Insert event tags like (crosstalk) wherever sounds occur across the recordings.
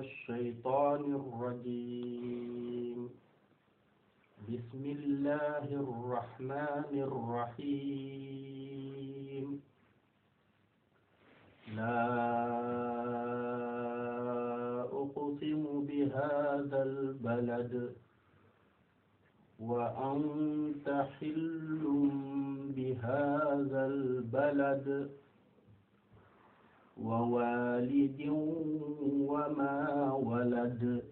الشيطان الرجيم بسم الله الرحمن الرحيم لا أقسم بهذا البلد وأنت حل بهذا البلد ووالد وما ولد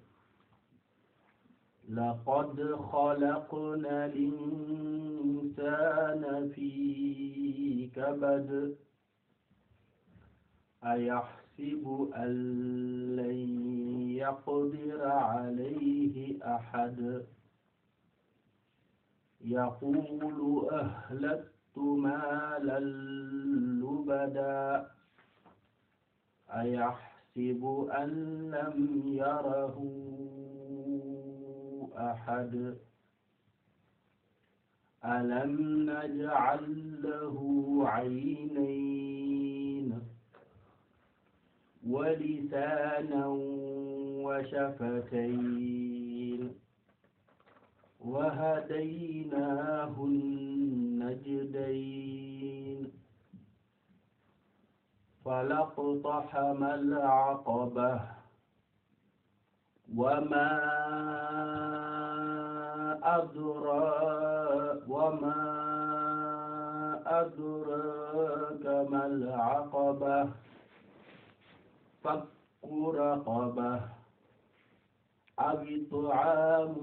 لقد خلقنا الإنسان في كبد أيحسب أن لن يقدر عليه أحد يقول أهلكت مالا لبدا أيحسب أن لم يره أحد ألم نجعل له عينين ولسانا وشفتين وهديناه النجدين فلا اقتحم العقبة وما أدراك وما أدراك ما العقبة فك رقبة أو إطعام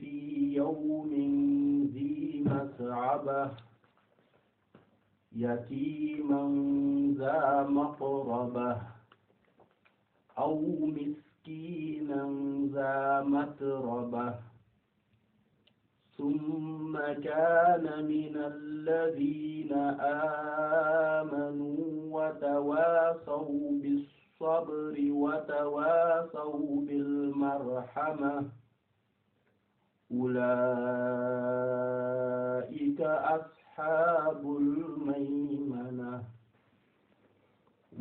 في يوم ذي مسعبة يتيما ذا مقربة أو مسكينا ذا متربة ثم كان من الذين آمنوا وتواصوا بالصبر وتواصوا بالمرحمة أولئك أصحاب أصحاب الميمنة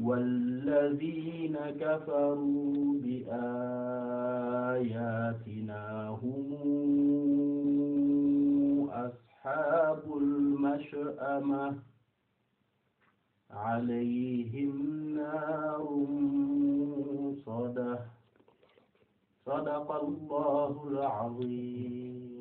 والذين كفروا بآياتنا هم أصحاب المشأمة عليهم نار صدى صدق الله العظيم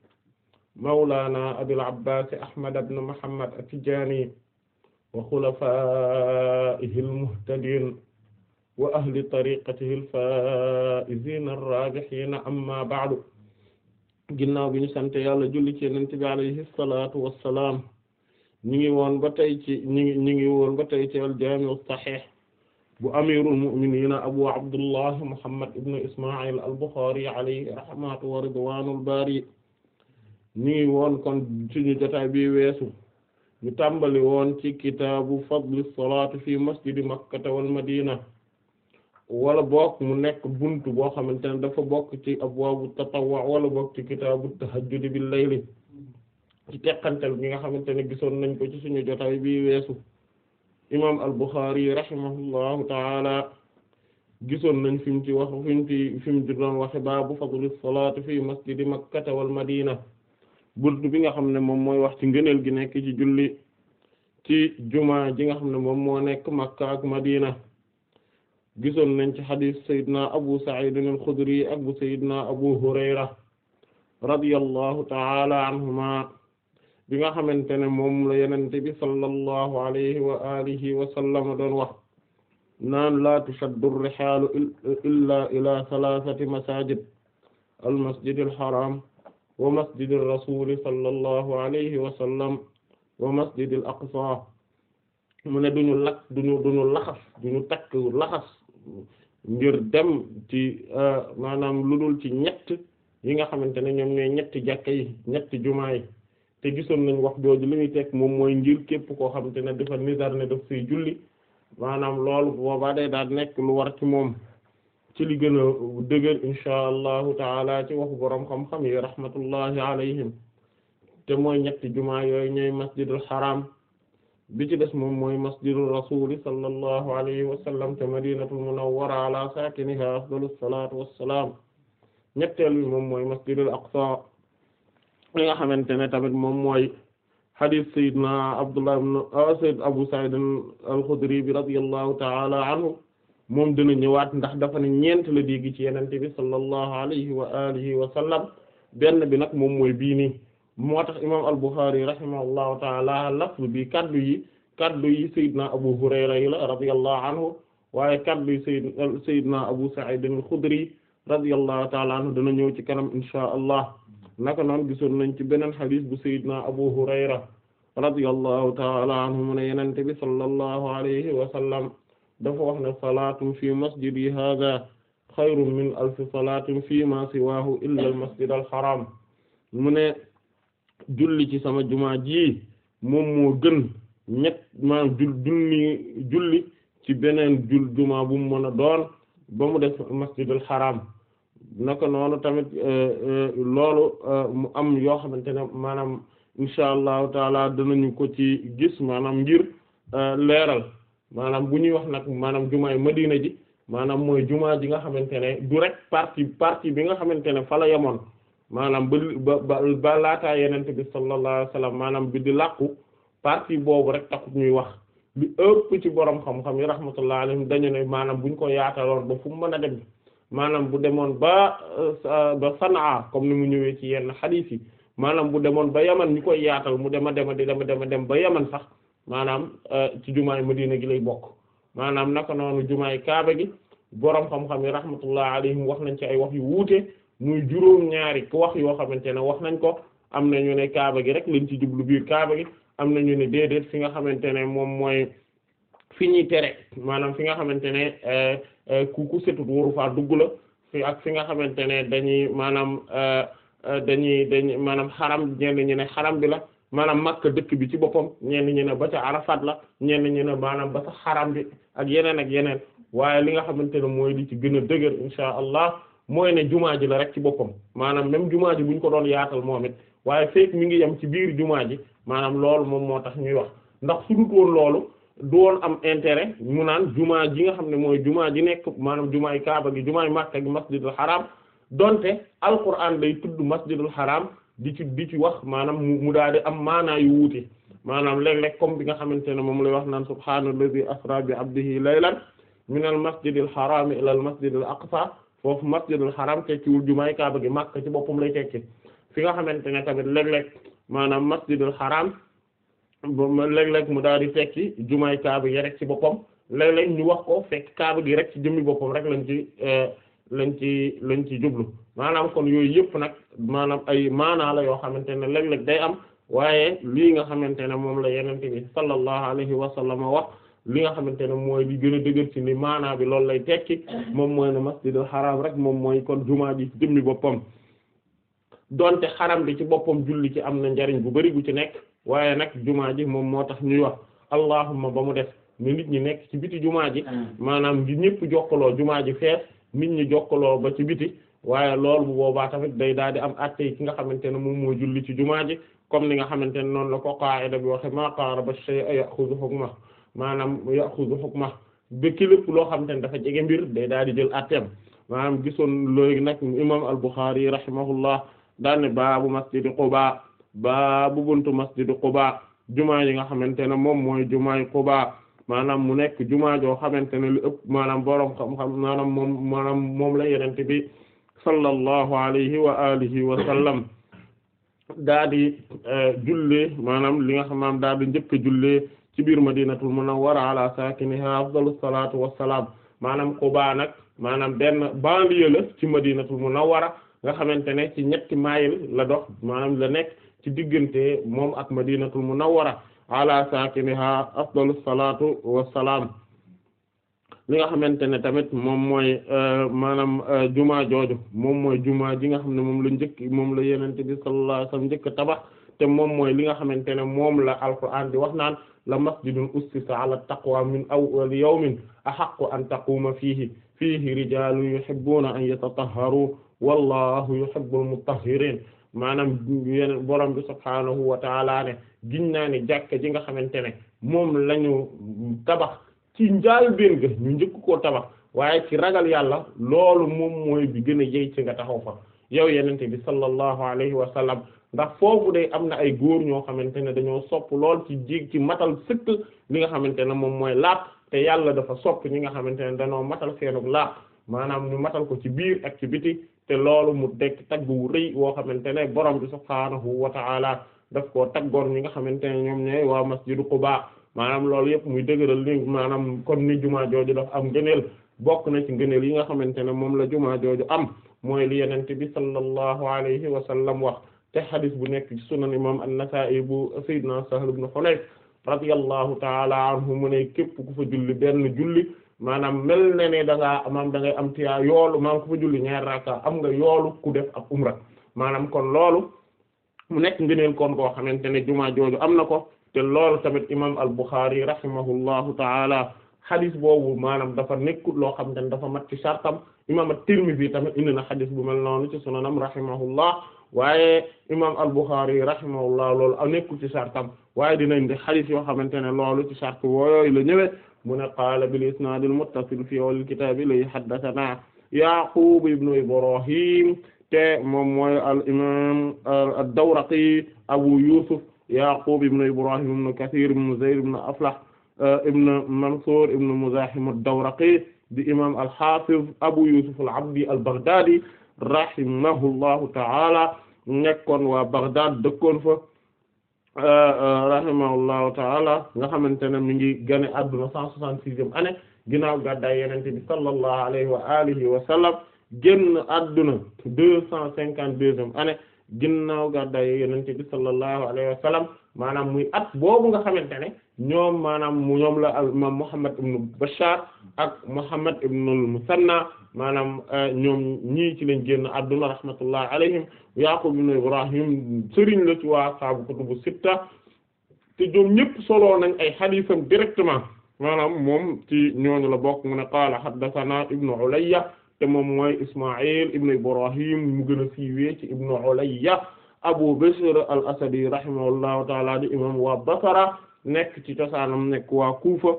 mawlaana abil abbas ahmad ibn muhammad at-tijaani wa xulafaa'ihi al-muhtadiin wa ahli tariqatihi al-faa'iziina ar-raabihiina amma ba'du ginnaaw bi ñu sant yàlla julli ci Yonent bi alayhi salaatu wa salaam ñu ngi woon ba tey ci ñu ngi ñu ngi woon ba tey ci al-jaami' as-sahiih bu amiirul mu'miniina abu abdullah muhammad ibn isma'il al-Bukhaari alayhi rahmatu wa ridwaanul baari ñu ngi woon kon suñu jotaay bi weesu ñu tàmbali woon ci kitaabu fadli salaati fi masjidi makkata wal madina wala bokk mu nekk bunt boo xamante ne dafa bokk ci abwaabu tatawwu wala bokk ci kitaabu tahajjudi bil layli ci teqantal bi nga xamante ne gisoon nañ ko ci suñu jotaay bi weesu imaam al Bukhari rahimahullahu taala gisoon nañ fi mu ci wax fi mu ci fi mu ci doon waxe baabu fadli salaati fi masjidi makkata wal madina burdu bi nga xam ne moom mooy wax ci ngëneel gi nekk ci julli ci juma ji nga xam ne moom moo nekk Makka ak Madina gisoon nañ ci xadis sayidna Abu Sa'id al-Khudri ak bu sayidna Abu Hurayra radiyallahu ta'ala anhuma bi nga xamante ne moom la yenente bi sallallahu alayhi wa alihi wa sallam doon wax naan la tushaddu ar-rihalu illa ila thalathati masajid al-masjid al-haram wa masjidi rasuli sallallahu alayhi wa sallam wa masjidi al aqsa mu ne duñu lakk duñu duñu laxas duñu takk laxas ngir dem ci euh, maanaam lu dul ci ñett yi nga xamante ne ñoom ñooy ñetti jàkka yi ñetti jumaa yi te gisoon nañu wax jooju li muy tekk moom mooy ngir képp koo xamante ne dafa nizar ne daf fiy julli maanaam loolu boobaa day daal nekk lu war ci moom ci li gën a dëgër insha allahu taala ci waxu boroom xam-xam yi rahmatullahi alayhim te mooy ñetti jumaa yooyu ñooy masjidul haram bi ci des moom mooy masjidul rasuli sallallahu alayhi wa sallam te madinatul ala saakiniha afdalu salaatu wassalaam ñetteel bi moom mooy masjidul aqsa li nga xamante ne tamit moom mooy xadis sayyidina ah, abu sa'id al-khudri bi taala anhu moom dina ñëwaat ndax dafa ne ñeent la dégg ci yenente bi sallallahu alayhi wa alihi wa sallam benn bi nag moom mooy bii nii moo tax imam al-Bukhari rahimahullahu taala lafz bi kaddu yi kaddu yi sayyidina Abu Hurayra yi la radiyallahu anhu waaye kaddu yi sayd sayyidina Abu Sa'id al-Khudri radiyallahu taala anhu dana ñëw ci kanam inshaa allah naka noon gisoon nañ ci beneen xadiis bu sayyidina Abu Hurayra radiyallahu taala anhu mu ne yenente bi sallallahu alayhi wa sallam dafa wax ne salaatun fi masjidi hadha xayrun min alfi salaatin fi ma siwaahu illa al masjid al mu ne julli ci sama jumaa ji moom moo gën ñett ma jul julli ci beneen jul jumaa bu mu mën a doon ba mu def masjid al haram naka noonu tamit euh, euh, loolu euh, mu am yoo xamante ne maanaam insha allahu taala danañu ko ci gis maanaam ngir leeral maanaam bu ñuy wax nag maanaam yi ma diina ji maanaam mooy jumaa ji nga xamante ne du rek partie parti bi nga xamante ne fa la yemoon maanaam ba ba ba laataa yenent bi sallallahu alayhi wasallam maanaam bi di làqu partie boobu rek ñuy wax bi ci borom xam-xam yi rahmatullahi alayhim dañu ne maanaam bu ko yaataloon ba mu mën a dem maanaam bu demoon ba ba Sanaa comme ni mu ñëwee ci yenn xadiis yi maanaam bu demoon ba yaman ñu koy yaatal mu dema dema di dema dema dem ba yaman sax maanaam euh, ci jumaa yi jumaay Madina gi lay bokk maanaam naka noonu jumaa yi Kaaba gi boroom xam-xam yi rahmatullah alayhim wax nañ ci ay wax yu wuute muy juróom-ñaari wax yoo xamante ne wax nañ ko am na ñu ne Kaaba gi rek lañ ci jublu biir Kaaba gi am na ñu ne déedéet fi nga xamante ne moom mooy fi ñuy tere maanaam fi nga xamante ne euh, euh, ku ku setut waru faa dugg la fi ak fi nga xamante ne dañuy maanaam dañuy dañuy maanaam xaram ñenn ñu ne xaram bi la. maanaam Makka dëkk bi ci boppam ñenn ñi ne ba ca Arafat la ñenn ñi ne maanaam ba ca xaram bi ak yeneen ak yeneen waaye li nga xamante ne mooy li ci gën a dëgër insha allah mooy ne jumaa ji la rek ci boppam maanaam même jumaa ji bu ñu ko doon yaatal moom waaye mi ngi yem ci biir jumaa ji maanaam loolu moom moo tax ñuy wax ndax su loolu du am intérêt mu naan jumaa ji nga xam ne mooy jumaa ji nekk maanaam yi Kaaba gi jumaay Makka gi masjidul haram donte Alquran day tudd masjidul xaraam di ci di ci wax maanaam mu daal di am maanaa yu maanaam léeg-léeg comme bi nga xamante ne moom lay wax naan subhaanallazi asra bi abdihi laylan minal masjidil haram ilal masjidil aqsa foofu masjidul haram tekkiwul jumaay kaaba gi Makka ci boppam lay tekki fi nga xamante ne tamit léeg-léeg maanaam masjidul haram ba léeg-léeg mu daal di tekki jumaay kaaba gi rek ci boppam léeg-léeg ñu wax ko fekk kaaba gi rek ci jëmmi boppam rek lañ ci euh, lañ ci lañ ci jublu maanaam kon yooyu yëpp nag maanaam ay maanaa la yoo xamante ne léeg-léeg day am waaye lii nga xamante ne moom la yenente bi sallallahu alayhi wa sallam wax li nga xamante ne mooy li gën a ci ni bi loolu lay tekki moom mooy ne masjidul xaraam rek moom mooy kon jumaa ji jëmmi boppam donte xaram bi ci boppam julli ci am na njariñ bu bari bu ci nekk waaye nag jumaa ji moom moo tax ñuy wax allahumma ba mu def ni nit ñi nekk ci biti jumaa ji mm. maanaam ngi ñëpp jokkaloo jumaa ji fees nit ñi jokkaloo ba ci biti waaye loolu bu boobaa tamit day daal di am atte yi ki nga xamante ne moom moo julli ci jumaa ji comme ni nga xamante ne noonu la ko qaa'ida bi waxe maa qaraba shay'a ya'khudhu hukma maanaam ya'khudhu hukma ba ki lépp loo xamante ne dafa jege mbir day daal di jël atteem maanaam gisoon léegi nag imam al-Bukhari rahimahullah daal ne baabu masjid Quba baabu buntu masjid Quba jumaa yi nga xamante ne moom mooy jumaay Quba maanaam mu nekk jumaa joo xamante ne lu ëpp maanaam boroom xam-xam maanaam moom maanaam moom la yenent bi sallallahu alayhi wa alihi wa sallam daa di eh, jullee maanaam li nga xam maam daa di njëkk jullee ci biir madinatul munawwara ala saakiniha afdalus salaatu wassalaam maanaam Quba nag maanaam benn banlieue la ci madinatul munawwara nga xamante ne ci ñetti maayil la dox maanaam la nekk ci diggante moom ak madinatul munawwara ala saakiniha afdalu salaatu wassalaam li nga xamante ne tamit moom mooy euh, maanaam euh, juma jooju moom mooy juma ji nga xam ne moom la njëkk moom la yonent bi sallallahu alayhi wasallam njëkk tabax te moom mooy li nga xamante ne moom la alquran di wax naan la masjidun ussisa ala taqwa min awwal yawmin ahaqqu an taquuma fiihi fiihi rijaalun yuhibbuuna an yatatahharu wallahu yuhibbul mutahhirin maanaam borom bi subhaanahu wa ta'ala ne giñ naa ne jàkka ji nga xamante ne moom lañu tabax ci njaalbéen ga ñu njëkk koo tabax waaye ci ragal yàlla loolu moom mooy bi gën a yey ci nga taxaw fa yow yenente bi sallallahu alayhi wa sallam ndax foofu day am na ay góor ñoo xamante ne dañoo sopp lool ci jéeg ci matal sëkk li nga xamante ne moom mooy laat te yàlla dafa sopp ñi nga xamante ne dañoo matal seenug laat maanaam ñu matal ko ci biir ak ci biti te loolu mu dekk tagg wu rëy woo xamante ne borom bi subhaanahu wa ta'ala daf koo taggoon mi nga xamante ne ñoom ñooy waa masjidu Quba maanaam loolu yëpp muy dëgëral ni maanaam kon ni jumaa jooju daf am ngëneel bokk na ci ngëneel yi nga xamante ne moom la jumaa jooju am mooy li yenent bi sallallahu alayhi wa sallam wax te xadis bu nekk ci sunan imam an-Nasa'i bu sayyidina Sahl ibn Hunayf radiyallahu ta'ala anhu mu ne képp ku fa julli benn julli maanaam mel na ne da ngaa maam da ngay am tiyaa yoolu maam ku fa ñaar raaka am nga yoolu ku def ak umra maanaam kon loolu mu nekk ngëneel kon koo xamante ne jumaa jooju am na ko te loolu tamit imam al-Bukhari rahimahullahu taala xadis boobu maanaam dafa nekkul loo xam ne dafa mat ci sartam imam at-Tirmidhi tamit indi na xadis bu mel noonu ci sunanam rahimahullah waaye imam al-Bukhari rahimahullah loolu a nekkul ci sartam waaye dina indi xadis yoo xamante ne loolu ci sart wooyooyu la ñëwee mu ne qaala bil isnaadil muttasil fi awwalil kitaabi lay haddathana Yaqub ibnu Ibrahim te moom mooy al imam ad-Dawraqi Abu Yusuf Yaqub ibn Ibrahim ibn Kathir ibn Zayd ibn Aflah euh, ibn Mansur ibn Muzahim ad-Dawraqi di imam al-Hafiz Abu Yusuf al-Abdi al-Baghdadi rahimahullahu ta'ala nekkoon waa Baghdad dëkkoon fa euh, euh, rahimahullahu ta'ala nga xamante ne mi ngi gane adduna cent soixante-sixième année ginnaaw gàddaay Yonent bi sallallahu alayhi wa alihi génn adduna deux cent cinquante deuxième année ginnaaw gàddaay yonent bi sallallahu alayhi wa sallam maanaam muy at boobu nga xamante ne ñoom maanaam mu ñoom la al imaam Muhammad ibnu Bashar ak Muhammad ibnul Musanna maanaam euh, ñoom ñii ci lañ génn adduna rahmatullah alayhim Yaqub ibnu Ibrahim sëriñ la ci waa saabu kutubu sitta te ñoom ñëpp soloo nañ ay xadiisam directement maanaam moom ci ñooñu la bokk mu ne qaala haddathana ibnu Ulayya te moom mooy Ismaïl ibn Ibrahim mu gën a siiwee ci ibn Ulayya Abu Bishr al-Asadi rahimahullahu ta'ala di imam waa Basra nekk ci cosaanam nekk waa Kufa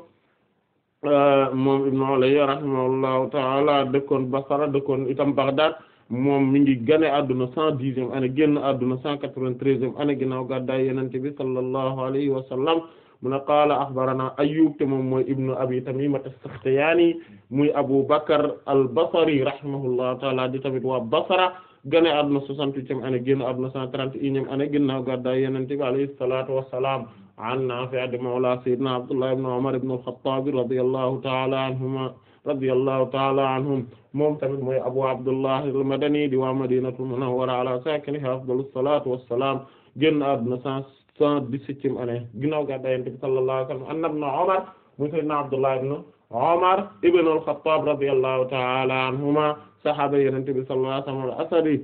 euh, moom ibn Ulayya rahimahullahu ta'ala dëkkoon Basra dëkkoon itam Baghdad moom mi ngi gane àdduna cent dixième année génn àdduna cent quatre-vingt-treizième année ginnaaw gàddaay Yonent bi sallallahu alayhi wa sallam mu ne qaala axbarana Ayyub te moom mooy ibnu abi Tamima as-Saxtiyaani muy Abu Bakr al-Basri rahimahullahu taala di tamit waa Basra gane àdduna 68e année génn àdduna 131e année ginnaaw gàddaay Yonent bi alayhi salaatu wa salaam an Naafi' di mawla sayyidina Abdullah ibn Umar ibn al-Khattab radiyallahu taala anhuma radiyallahu taala anhum moom tamit mooy Abu Abdullah al-Madani di waa Madinatul Munawwara ala saakinihaa afdalus salaatu wa salaam génn àdduna 117e année ginnaaw gàddaay Yonent bi sallallahu alayhi wa sallam anna ibn Umar mu sayyidina Abdullah ibn Umar ibn al-Khattab radiyallahu ta'ala anhuma sahaaba Yonent bi sallallahu alayhi wa sallam al-Asadi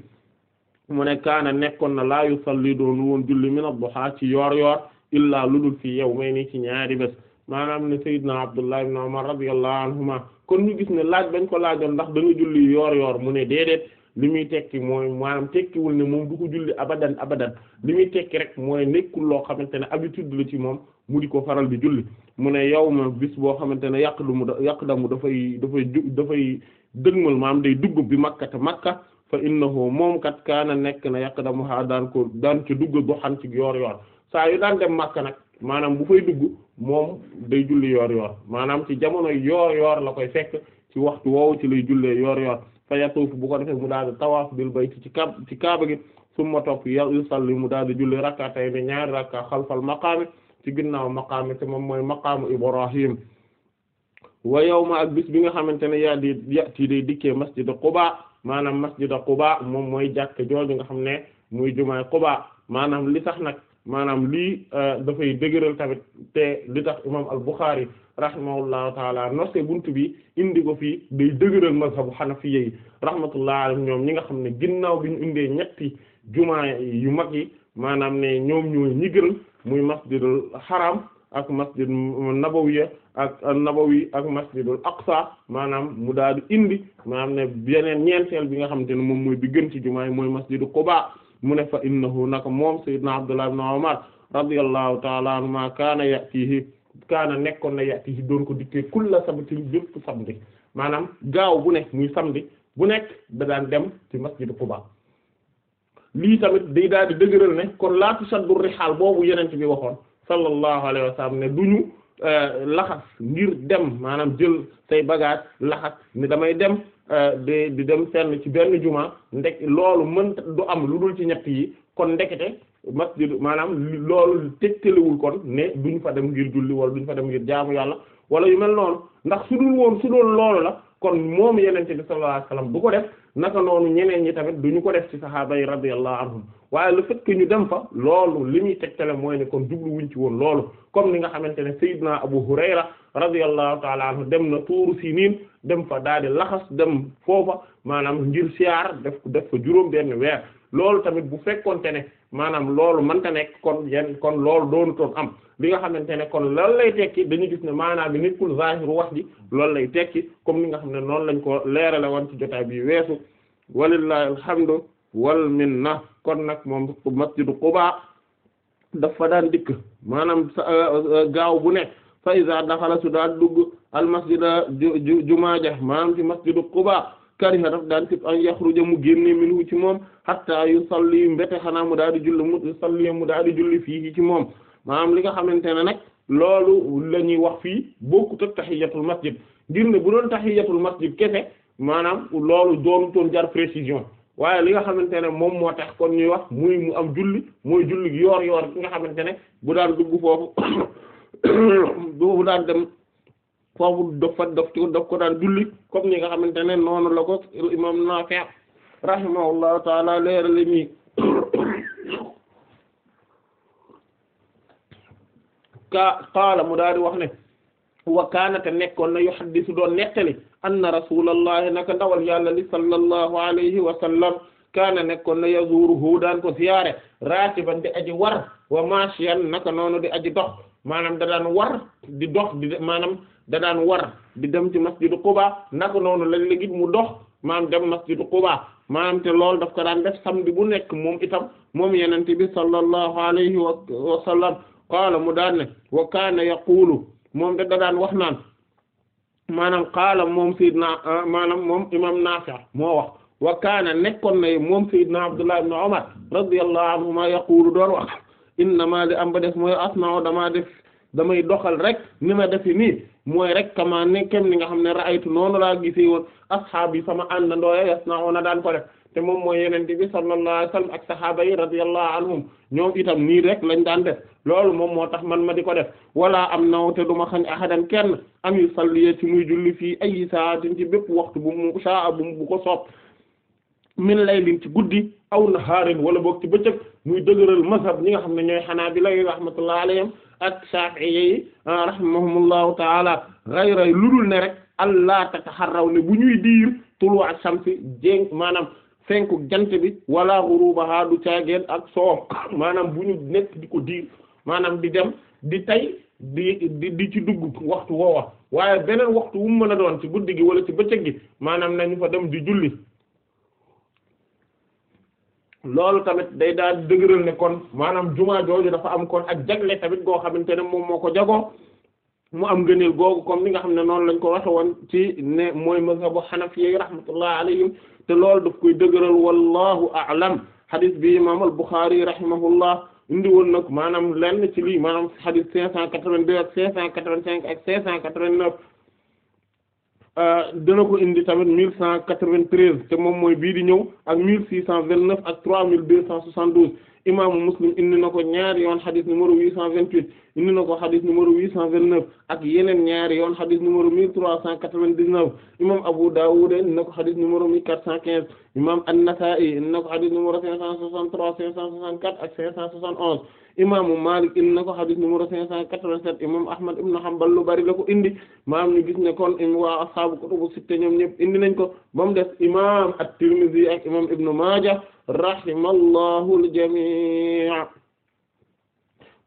mu ne kaana nekkoon na laa yusalli doon woon julli min ad-duha ci yoor yoor illaa ludul fii yawmayni ci ñaari bés maanaam ne sayyidina Abdullah ibn Umar radiyallahu anhuma kon ñu gis ne laaj bañ ko laajoon ndax da nga julli yoor yoor mu ne déedéet li muy tekki mooy maanaam tekkiwul ne moom du ko julli abadan abadan li muy tekki rek mooy nekkul loo xamante ne habitude la ci moom mu di ko faral di julli mu ne yow ma bis boo xamante ne yàq lu mu yàq damu dafay dafay dafay dëgmal maam day dugg bi makka te makka fa innahu moom kat kaana nekk na yàq damu xaa daan ko daan ci dugg doxan ci yoor yoor saa yu daan dem makka nag maanaam bu fay dugg moom day julli yoor yoor maanaam ci jamono yoor yoor la koy fekk ci waxtu woowu ci lay jullee yoor yoor fa yatuuf bu ko defee mu daal di tawaaf bil bayt ci ka ci kaaba gi summa topp yusalli mu daal di julli rakkaatay ne ñaari rakka xalfal maqaami ci ginnaaw maqaami te moom mooy maqaamu Ibrahim wa ma ak bis bi nga xamante ne yaa di yati day dikkee masjid Quba maanaam masjid Quba moom mooy jàkk jooju nga xam ne muy jumaay Quba maanaam li tax nag maanaam lii euh, dafay dëgëral tamit te li tax imam al-Bukhari rahimahullahu taala noce buntu bi indi ko fii day dëgëral mazhabu fi yi rahmatullahi alayhim ñoom ñi nga xam ne ginnaaw bi ñu indee ñetti jumaa yu mag yi maanaam ne ñoom ñoo ñi gën muy masjidul haram ak masjid nabawiya ak nabawi ak masjidul aqsa maanaam mu daal di indi maanaam ne beneen ñeenteel bi nga xamante ne moom mooy bi gën ci jumaa yi mooy masjidu Quba mu ne fa innahu naka moom sayyidna Abdullah ibn Umar radiyallahu ta'ala anhuma kaana ya'tihi kaana nekkoon na ya'tihi doon ko dikkee kulla sabtin bépp samedi maanaam gaaw bu nekk muy samedi bu nekk da daan dem ci masjidu Quba lii tamit day daal di dëgëral ne kon laa tusaddu rihaal boobu yeneen bi waxoon sallallahu alayhi wa sallam ne ñu euh, laxas ngir dem maanaam jël say bagage laxas ne damay dem Euh, di di dem fenn ci benn juma ndek loolu mën du am lu dul ci ñett yi kon ndekete masjid maanaam loolu tegtalewul kon ne ñu fa dem ngir julli wala duñ fa dem ngir jaamu yàlla wala yu mel noonu ndax su dul woon su dul loolu la kon moom yenente bi sallallahu alayhi wasallam du ko def naka noonu ñeneen ñi tamit du ñu ko def ci sahaaba yi radiyallahu anhum waaye le fekk ñu dem fa loolu li muy tegtale mooy ne kon jublu wuñ ci woon loolu comme ni nga xamante ne Seydina Abu Hurayra radiyallahu taala anhu dem na tuuru Siniin dem fa daal di laxas dem foofa maanaam ngir siyaar def def fa juróom benn weer loolu tamit bu fekkonte ne maanaam loolu mënta nekk kon yenn kon loolu doonu toon am li nga xamante ne kon loolu lay tekki dañu gis ne maanaam bi nekkul zaahiru wax ji loolu lay tekki comme li nga xam ne noonu lañ ko leerale woon ci jotaay bi weesu walillahi alhamdu wal na kon nag moom masjidu Quba dafa daan dikk maanaam euh, euh, gaaw bu nekk fa iza daxala su daan dugg al masjida ju jumaaja maanaam ci masjidu Quba kariha daf daan tëb an yaxruja mu génne minhu ci moom hatta yu salli mbete xanaa mu daal di julli mu salli mu daal di julli fii ci moom maanaam li nga xamante ne nag loolu la ñuy wax fii bokkut ak tahiyatul masjid ngir ne bu doon tahiyatul masjid kese maanaam loolu doonu toon jar précision waaye li nga xamante ne moom moo tax kon ñuy wax muy mu am julli mooy julli yoor yoor ki nga xamante ne bu daan dugg foofu (coughs) bu daan dem foofu dafa daf ci daf ko daan julli comme ni nga xamante ne noonu la ko imam Naafi' rahimahullahu taala leerale nii ka qaala mu daal wax ne wa kaanate nekkoon na yuhaddisu doon nettali anna rasulallahi nekkoon na yazuruhu ko siyaare raakiban di aji war wa maashiyan naka noonu di aji dox maanaam da war di dox di maanaam da daan war di dem ci masjidu Quba naka noonu léeg-léeg it mu dox maam dem masjidu Quba maam te lool daf ko daan def samedi bu nekk moom itam moom yenente bi sallallahu alayhi wa sallam qaala mu daan ne wa kaana yaqulu moom da daan wax naan maanaam qaala moom sayyidna maanaam moom imam Naafi' moo wax wa kaana nekkoon na moom sayyidna Abdullah ibn Umar radiyallahu anhuma yaqulu doon wax innamaa li def mooy asna'u damaa def damay doxal rek ni ma defi nii mooy rek kama ne kem ni nga xam ne ra'aytu noonu laa gisee woon ashaabi sama àndandooya yasna'una daan ko def te moom mooy yenente bi sallallahu alayhi wasallam ak sahaaba yi radiyallahu anhum ñoom itam nii rek lañ daan def moom moo tax man ma di ko def wala am naw te du ma xañ kenn am yu salliye ci muy julli fii ay saatin ci bépp waxtu bu mu saa bu bu ko soob min laylin ci guddi aw nahaarin wala boog ci bëccëg muy dëgëral mazhab ñi nga xam ne ñooy xanaa bi lay rahmatullah alayhim ak Shafi'i yi ah, rahimahumullahu ta'ala ghayra dul ne rek allah tataharraw ne bu ñuy diir tulu ash-shamsi jéng maanaam fenku jant bi wala ghurubaha du caageen ak soow (coughs) maanaam bu ñu nekk di ko diir maanaam di dem di tay di di di ci dugg waxtu woowa waaye beneen waxtu wu mu mën a doon ci guddi gi wala ci bëccëg gi maanaam ñu fa dem di julli loolu tamit day daal dëgëral ne kon maanaam jumaa jooju dafa am kon ak jagle tamit goo xamante ne moom moo ko jagoo mu am gëneel googu comme ni nga xam ne noonu lañ ko waxe woon ci ne mooy mazhabu xanafi rahmatullah alayhim te loolu daf koy dëgëral wallahu a'lam xadis bi imam al-Bukhari rahimahullah indi woon nag maanaam lenn ci lii maanaam xadis cinq cent quatre-vingt-deux ak cinq cent quatre-vingt-cinq ak cinq cent quatre-vingt-neuf Euh, dana ko indi tamit mille cent quatre-vingt-treize te moom mooy bii di ñëw ak mille six cent vingt-neuf ak trois mille deux cent soixante-douze imaamu Muslim indi na ko ñaari yoon xadis numéro huit cent vingt-huit indi na ko xadis numéro huit cent vingt-neuf ak yeneen ñaari yoon xadis numéro mille trois cent quatre-vingt-dix-neuf imaam Abu Dawud indi na ko xadis numéro mille quatre cent quinze imaam An-Nasa'i indi na ko xadis numéro cinq cent soixante-trois cent soixante imaamu Maalik indi na ko xadis numéro cinq cent quatre-vingt-sept imam Ahmad ibn Hanbal lu bari la ko indi maam ñu gis ne kon waa ashaabu kutubu sitta ñoom ñëpp indi nañ ko ba mu des imam at-Tirmidhi ak imam Ibn Maaja rahimallahu al-jamii'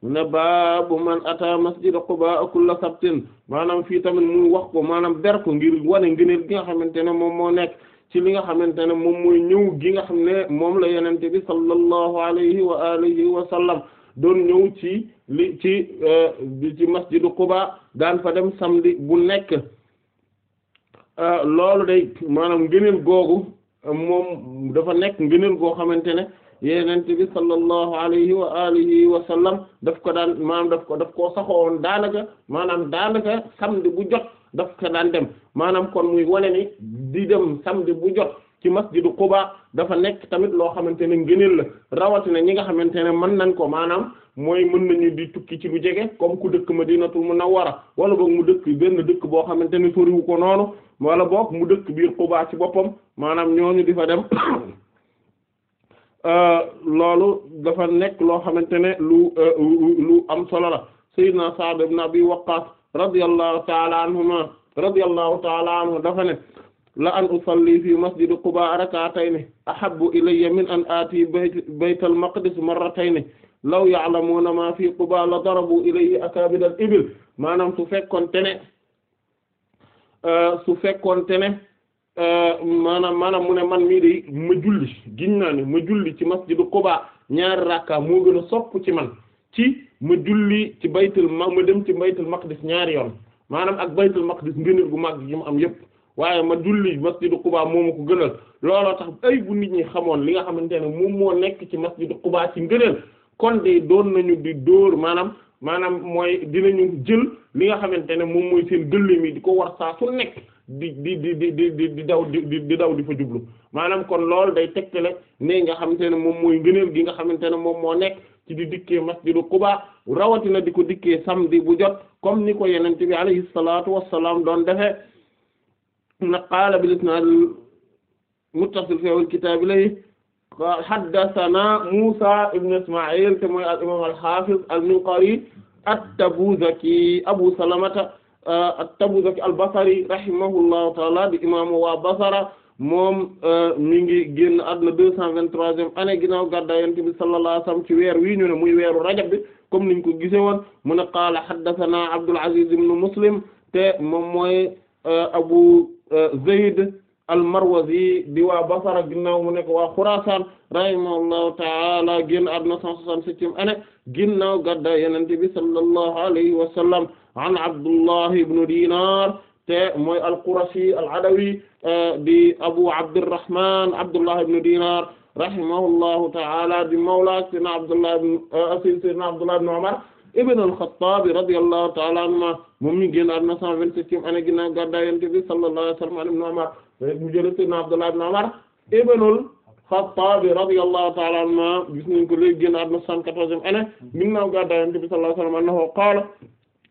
ne baabu man ata masjid Quba kulla sabtin maanaam fii tamit muy wax ko maanaam ber ko ngir wane ngëneel gi nga xamante ne moom moo nekk ci li nga xamante ne moom mooy ñëw gi nga xam ne moom la yenente bi sallallahu alayhi wa alihi wa sallam doon ñëw ci li ci euh, ci masjidu Quba daan fa dem samedi bu nekk euh, loolu day maanaam ngëneel googu moom dafa nekk ngëneel goo xamante ne yenent bi sallallahu alayhi wa alihi wa sallam daf ko daan maanaam daf ko daf koo saxoon daanaka maanaam daanaka samedi bu jot daf ko daan dem maanaam kon muy wane ni di dem samedi bu jot ci du Quba dafa nekk tamit loo xamante ne ngëneel la rawatina ñi nga xamante ne mën nañ ko maanaam mooy mën nañu di tukki ci lu jege comme ku dëkk ma dina Madinatul Munawwara wala boog mu dëkk benn dëkk boo xamante ne soriwu ko noonu wala boog mu dëkk biir Quba ci boppam maanaam ñooñu di fa dem (coughs) euh, loolu dafa nekk loo xamante ne euh, lu lu am solo la Sayyidina Sa'd ibn Abi Waqqas radiyallahu ta'ala anhuma radiyallahu ta'ala anhu dafa ne la an usalli fi masjidi Quba rak'atayni ahabbu ilayya min an aati baytal maqdis marratayni law ya'lamuna ma fi Quba la darabu ilayya akabidal ibil maanaam su fekkoonte ne su fekkoonte ne maanaam maanaam mu ne man mii de ma julli giñ naa ne ma julli ci masjidu Quba ñaari rakka mu gën a sopp ci man ci ma julli ci baytul ma ma dem ci baytul maqdis ñaari yoon maanaam ak baytul maqdis ngëneel gu mag gi mu am yépp waaye ma julli masjidu Quba moomu ko gënal looloo tax ay bu nit ñi xamoon li nga xamante ne moom moo nekk ci masjidu Quba ci ngëneel kon de doon nañu di dóor maanaam maanaam mooy dinañu jël li nga xamante ne moom mooy seen gëléem yi di ko war saa su nekk di di di di di di daw di di daw di fa jublu maanaam kon loolu day tegtale ne nga xamante ne moom mooy ngëneel gi nga xamante ne moom moo nekk ci di dikkee masjidu Quba rawatina di ko dikkee samedi bu jot comme ni ko yenente bi alayhi salaatu wassalaam doon defee nag qaala bil isnaad al muttasil fi awwal kitaab ilay haddathana Musa ibn Isma'il te mooy al imaam al haafiz al minqari at-Tabuzaki Abu Salamata at-Tabuzaki al-Basri rahimahullahu ta'ala di imaamu waa Basra moom mi ngi génn àdduna deux cent vingt-troisième année ginnaaw gàddaay Yonent bi sallallahu alayhi ci weer wii ñu ne muy weeru rajab bi comme niñ ko gisee woon mu haddathana Abdul Aziz ibn Muslim te moom mooy Abu Euh, Zayd al-Marwazi di waa Basra ginnaaw mu nekk waa Khurasan rahimahullahu ta'ala génn àdduna 167e année ginnaaw gadda Yonent bi sallallahu alayhi wa sallam an Abdullah ibn Dinar te mooy al-Qurashi al-Adawi euh, di Abu Abdurrahman Abdullah ibn Dinar rahimahullahu ta'ala di mawla Sayyidina Abdullah ibn euh, Umar ibn al-Khattab radiyallahu ta'ala anhuma moom mi génn àdduna 127e année ginnaaw gàddaay Yonent bi sallallahu alayhi wa sallam ibn Umar mu jël sayyidina Abdullah ibn Umar ibn al-Khattab radiyallahu ta'ala anhuma gis nañ ko léegi génn àdduna 114e année ginnaaw gàddaay Yonent bi sallallahu alayhi wa sallam annahu qaala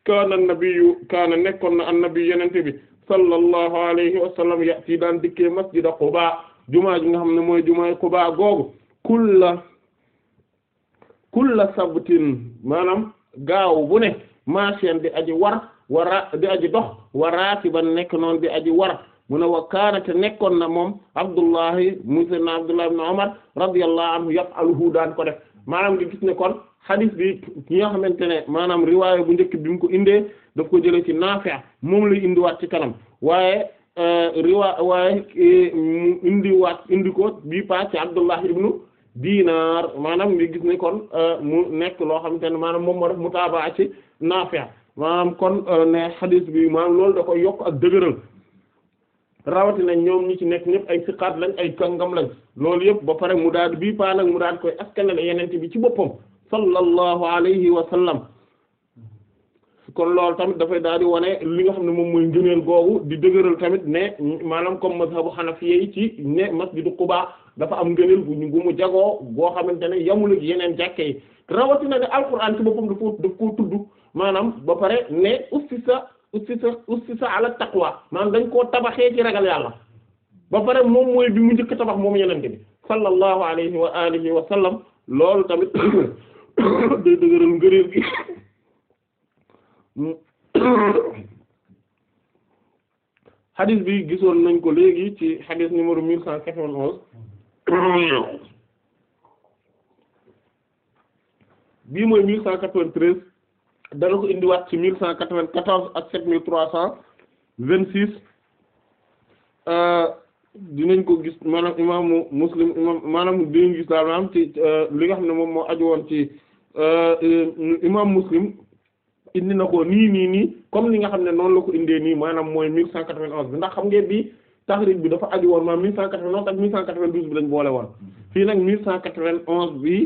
kaana an-nabiyyu kaana nekkoon na an-nabiyyu Yonent bi sallallahu alayhi wa sallam ya'ti daan dikkee masjid Quba jumaa ji nga xam ne mooy jumaa Quba googu kulla kulla sabtin maanaam gaaw bu ne maasiyaan di aji war wara di aji dox waraatiban nekk noon bi aji war mu ne wa kaana te nekkoon na moom Abdullahi musanna Abdullahi ibn Umar radiyallahu anhu yaf'aluhu daan ko def maanaam di gis ne kon hadith bi ñi nga xamante ne maanaam riwaayo bu njëkk bi ko indee daf ko jëlee ci Naafi' moom lay indiwaat ci kanam waaye euh, riwa waaye euh, mu indi ko bii pa Abdullahi ibnu diinaar maanaam nga gis ne kon euh, mu nekk loo xamante ne maanaam moom moo def mutaaba ci Naafi' maanaam kon euh, ne xadis bi maanaam loolu da koy yokk ak dëgëral rawatina ñoom ñi ci nekk ñëpp ay siqaat ay kàngam lañ loolu yëpp ba pare mu daal bii paa nag mu daal koy askanale yenente bi ci boppam sallallahu alayhi wa sallam kon loolu tamit dafay daal di wane li nga xam ne moom muy ngëneel googu di dëgëral tamit ne maanaam comme mazhabu Hanafiyyi ci ne masjidu Quba dafa am ngëneel bu ñu mu jagoo boo xamante ne yamul ak yeneen jàkke yi rawatina ne alquran ci boppam dafa daf koo tudd maanaam ba pare ne ussisa ussisa ussisa ala taqwa maanaam dañ koo tabaxee ci ragal yàlla ba pare moom mooy bi mu njëkk tabax moom yenente bi sallallahu alayhi wa alihi wa sallam loolu tamit (coughs) day dëgëral ngëneel gi xadis (coughs) bi gisoon nañ ko léegi ci xadis numéro mille cent quatre vingt réew bii mooy mille cent quatre-vingt-treize dana ko indiwaat ci mille cent quatre-vingt-quatorze ak sept mille trois cent vingt-six euh, dinañ ko gis maanaam imaamu muslim imaam maanaam dinañ gis daal maanaam ci euh, li nga xam ne moom moo aju woon ci euh, imaam muslim indi na ko nii nii nii comme li nga xam ne noonu la ko indee nii maanaam mooy mille cent quatre-vingt-onze bi ndax xam ngee bi taxrij bi dafa aju woon maanaam 1191 ak 1192 bi lañ boole woon fii nag 1191 bi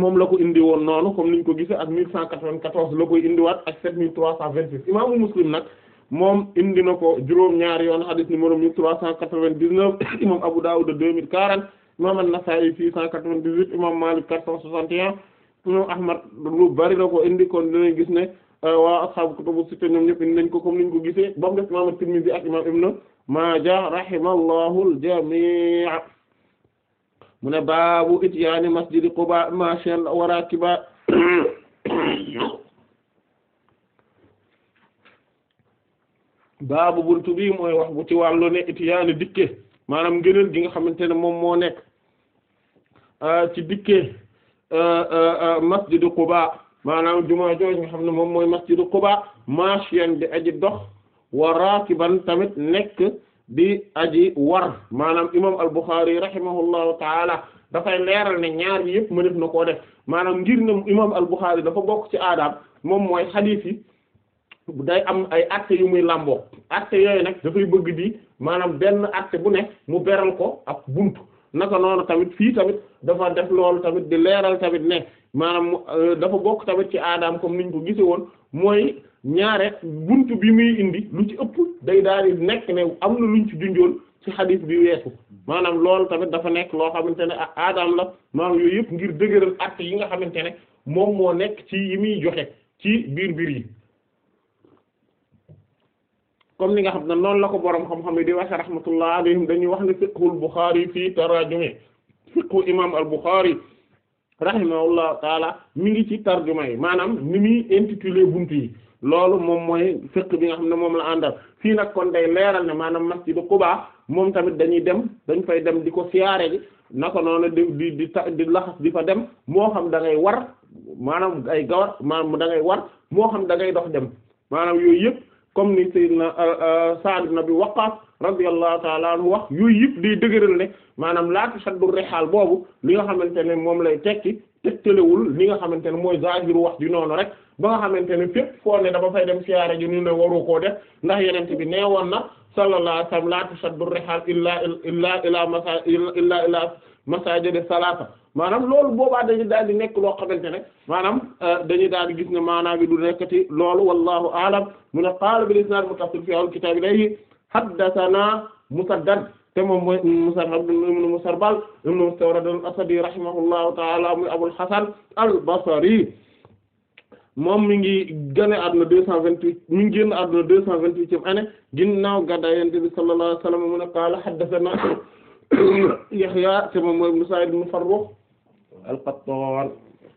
moom la ko indi woon noonu comme niñ ko gisee ak 1194 la koy indiwaat ak 7326 imaamu indi na ko juróom-ñaari yoon xadis numéro 1399 (coughs) imam Abu Dawud 2040 imam An-Nasa'i 698 imam Malik 461 imam Ahmad ko indi kon dinañ gis ne euh, waa ashaabu kutubu sitta ñoom ñëpp indi nañ ko comme niñ ko gisee ba mu def imam At-Tirmidhi ak imam Maaja rahimallahu al-jamii mu ne baabu ityaani masjidi Quba mashan wa rakiba baabu buntu bi mooy wax bu ci wàllu ne ityaani dikke maanaam ngëneel gi nga xamante ne moom moo nekk ci dikke masjidi Quba maanaam jumaa jooju nga xam ne moom mooy masjidi Quba mashan di aji dox wa raakiban tamit nekk di aji war maanaam imam al-Bukhari rahimahullahu taala dafay leeral ne ñaar yi yëpp mënef na koo def maanaam ngir ne imam al-Bukhari dafa bokk ci aadaab moom mooy xadiis yi day am ay acte yu muy làmboo acte yooyu nag dafay bëgg di maanaam benn acte bu ne mu beral ko ab bunt naka noonu tamit fii tamit dafa def loolu tamit di leeral tamit ne maanaam euh, dafa bokk tamit ci aadaam comme niñ ko gise woon mooy ñaare buntu bi muy indi lu ci ëpp day daal di nekk ne am na luñ ci junjoon ci xadiis bi weesu maanaam lool tamit dafa nekk loo xamante ne ak ah aadaam la maanaam yooyu yëpp ngir dëgëral actes yi nga xamante ne moom moo nekk ci yi muy joxe ci biir biir yi comme ni nga xam ne noonu la ko boroom xam-xam yi di wax rahmatullah alayhim dañuy wax ne fiqhul Bukhari fii tarajumi fiqhu imam al Bukhari rahimahullahu taala mu ngi ci tarjuma yi maanaam ni muy intitulé buntu yi loolu moom mooy fiqh bi nga xam ne moom la àndal fii nag kon day leeral ne maanaam masjidu Quba moom tamit dañuy dem dañ fay dem di ko siyaare ji naka noonu di di di ta di laxas di fa dem moo xam da ngay war maanaam ay gawar maanaam da ngay war moo xam da ngay dox dem maanaam yooyu yëpp comme ni Sayyidina euh, euh, Sa'd ibn Abi Waqqas radiyallahu ta'ala anhu wax yooyu yëpp day dëgëral ne maanaam laatu shaddu rihaal boobu li nga xamante ne moom lay tekki tëgtalewul li nga xamante ne mooy zahiru wax ji noonu rek ba nga xamante ne fépp foo dafa fay dem siyaara ji ñu ne waru koo def ndax yenente bi nee woon na sallallahu alayhi wasallam la tusaddu rihal illaa illaa illaa masa illaa illaa masajid salata maanaam loolu boobaa dañu daal di nekk loo xamante ne maanaam euh, dañuy daal di gis ne maanaa bi du nekkati loolu wallahu aalam mu ne qaala bil isnad muttasil fi al kitab ilayhi haddathana musaddad te moom mooy Musarhab ibn asadi rahimahullahu ta'ala muy Abul Hasan al-Basri moom mi ngi gane àdduna deux cent vingt-huit mi ngi génn àdduna deux cent vingt-huitième année ginnaaw gàddaay Yonent bi sallallahu alayhi wa sallam mu ne qaala haddathana Yahya te moom mooy ibn Sa'id ibn Farrukh al-Qattan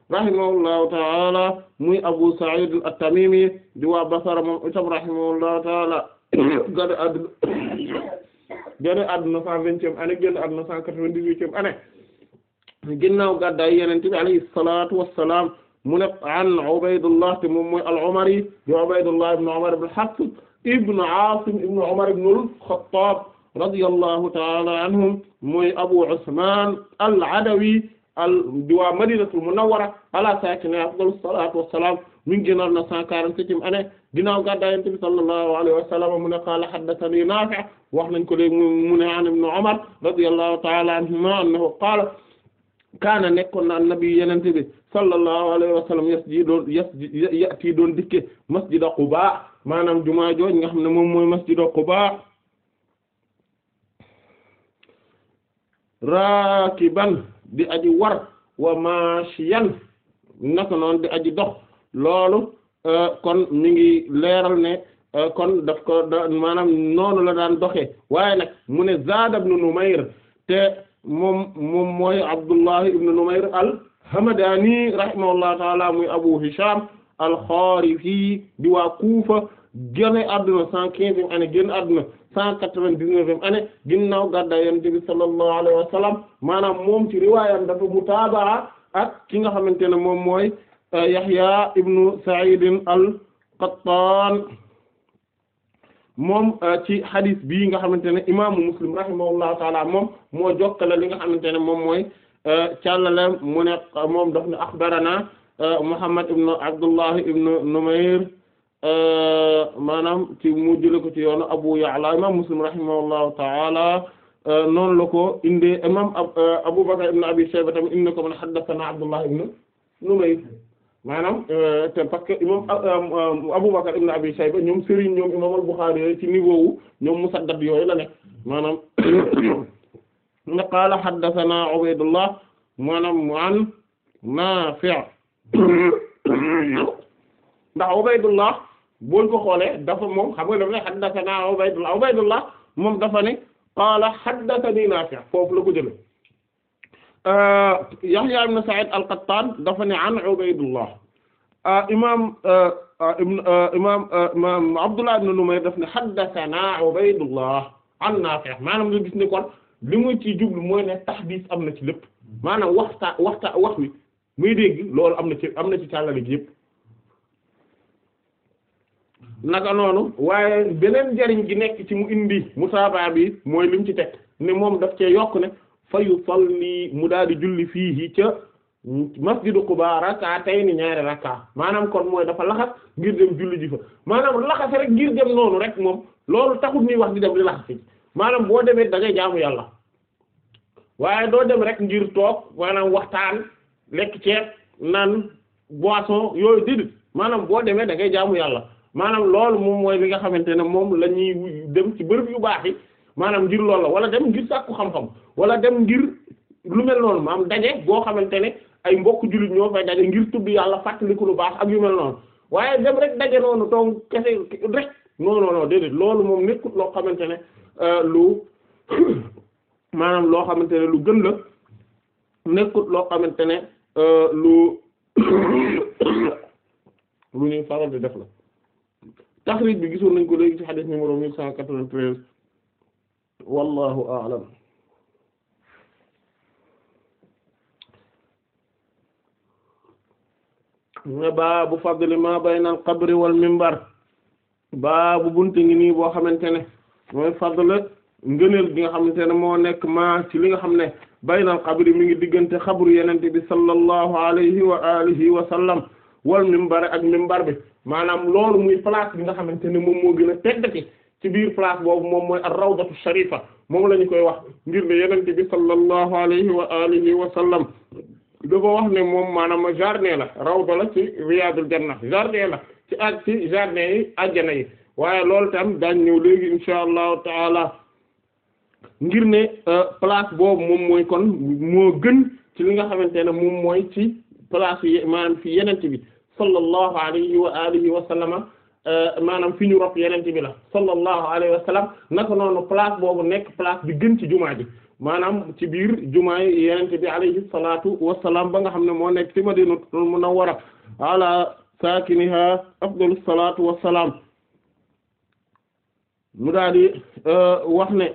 rahimahullahu ta'ala muy Abu Sa'id at-Tamimi di waa Basra moom itam rahimahullahu ta'ala gane àdduna génn àdduna cent vingtième année génn àdduna cent quatre-vingt-dix-huitième année ginnaaw gàddaay yenente bi alayhi salatu wassalam mu ne an Ubaydullah te moom mooy al-Umari di Ubaydullah ibn Umar ibn Hafs ibn Asim ibn Umar ibn al-Khattab radiyallahu ta'ala anhum mooy Abu Usman al-Adawi al waa madinatul munawwara ala saakinihaa afdalu salaatu wassalaam mi ngi génnoon na cent quarante-septième année ginnaaw gàddaay Yonent bi sallallahu alayhi wa sallam mu ne qaala haddathanii Naafi' wax nañ ko léegi mu ne an ibn Umar radiyallahu ta'ala anhumaa annahu qaala kaana nekkoon na annabi Yonent bi sallallahu alayhi wa sallam yasji doon yasji ya'tii doon dikke masjida Qubaa maanaam jumaa jooju nga xam moom mooy masjida Qubaa raakiban di aji war wa machiyan naka noonu di aji dox loolu euh, kon mi ngi leeral ne euh, kon daf ko maanaam noonu la daan doxee waaye nag mu ne Zaad ibn Numayr te moom moom mooy Abdullah ibn Numayr al-Hamadani rahimahullahu ta'ala muy Abu Hisham al-Kharifi di waa Kufa génn àdduna cent quinzième année génn àdduna cent quatre-vingt-dix-neuvième année ginnaaw gàddaay Yonent bi sallallahu alayhi wa sallam maanaam moom ci riwaayam dafa mutaabaa ak ki nga xamante ne moom mooy euh, Yahya ibnu Sa'id al-Qattan moom euh, ci hadith bi nga xamante ne imaamu Muslim rahimahullahu taala moom moo jokkale li nga xamante ne moom mooy euh, càllale mu ne moom daf ne axbarana Muhammad ibnu Abdullah ibnu Numayr Euh, maanaam ci mu jëlee ko ci yoonu Abu Ya'la imaam Muslim rahimahullahu ta'ala euh, noonu la ko indee imaam euh, Abu Bakr ibn Abi Shayba tamit indi ko man haddathana Abdullah ibn Numayr maanaam te parce que imaam Abu Bakr ibn Abi Shayba ñoom Serigne ñoom imaam al-Bukhari yooyu ci niveau wu ñoom Musaddad yooyu la nekk maanaam (coughs) ne qaala haddathana Ubaydullah maanaam an Nafi' (coughs) ndax Ubaydullah boo ko xoolee dafa moom xam nga dafa ne haddathana Ubaydullah Ubaydullah moom dafa ne qaala haddathani Naafi' foofu la ko jëlee euh, Yahya ibn Sa'id al-Qattan dafa ne an Ubaydullah imaam imaam imaam Abdullah ibn Numayr daf ne haddathana Ubaydullah an Naafi' maanaam nga gis ne kon li mu ci jublu mooy ne tahdis am na ci lépp maanaam waxta waxta wax wi muy dégg loolu am na ci am na ci càllale gi yëpp naga noonu waaye beneen njariñ gi nekk ci mu indi musaaba bi mooy lim ci teg ne moom daf cee yokk ne fa yusalli mu daal di julli fii ca masjidu Quba rak'atayn ñaari rakka maanaam kon mooy dafa laxas ngir dem julli ji fa maanaam laxas rek ngir dem noonu rek moom loolu taxul ñuy wax di dem di laxas maanaam boo demee da ngay jaamu yàlla waaye doo dem rek ngir toog maanaam waxtaan lekk ceeb naan boisson yooyu déedéet maanaam boo demee da ngay jaamu yàlla. maanaam loolu moom mooy li nga xamante ne moom la ñuy dem ci bërëb yu baax yi maanaam ngir loolu la wala dem ngir sàkku xam-xam wala dem ngir lu mel noonu maanaam daje boo xamante ne ay mbokk jullit ñoo fay daje ngir tudd yàlla fàttaliku lu baax ak yu mel noonu waaye dem rek daje noonu toog kese rek non loolu moom nekkut loo xamante ne euh, lu (coughs) maanaam loo xamante ne lu gën la nekkut loo xamante ne euh, lu (coughs) lu ñuy faral di def la. taxrij bi gisoon nañ ko léegi ci xadis numéro mille cent quatre-vingt-treize wallahu a'lam ne baabu fadli ma bayna qabri wal minbar baabu bunte ngi nii boo xamante ne mooy fadle ngëneel gi nga xamante ne moo nekk ma ci li nga xam ne bayna al qabri mi ngi diggante xabru yenente bi sallallahu alayhi wa alihi wa wal minbar ak minbar bi maanaam loolu muy place bi nga xamante ne moom moo gën a teddati ci biir place boobu moom mooy ar-rawdatu sharifa moom la ñu koy wax ngir ne yonent bi sallallahu alayhi wa alihi wa sallam dafa wax ne moom maanaam jardin la rawda la ci riyaadul janna jardin la ci ak ci jardin yi àjjana yi waaye loolu tam daañ ñëw léegi insha allahu taala ngir ne euh, place boobu moom mooy kon moo gën ci li nga xamante ne moom mooy ci place yi maanaam fi yenent bi sallallahu alayhi wa alihi wa sallama euh, maanaam fi ñu rob yenente bi la sallallahu alayhi naka noonu place boobu nekk place bi gën ci jumaa bi maanaam ci biir jumaa yi yenente bi alayhi salatu wasalaam ba nga xam ne moo nekk ci madinatul munawwara ala saakiniha afdalus salatu salaam mu daal euh, wax ne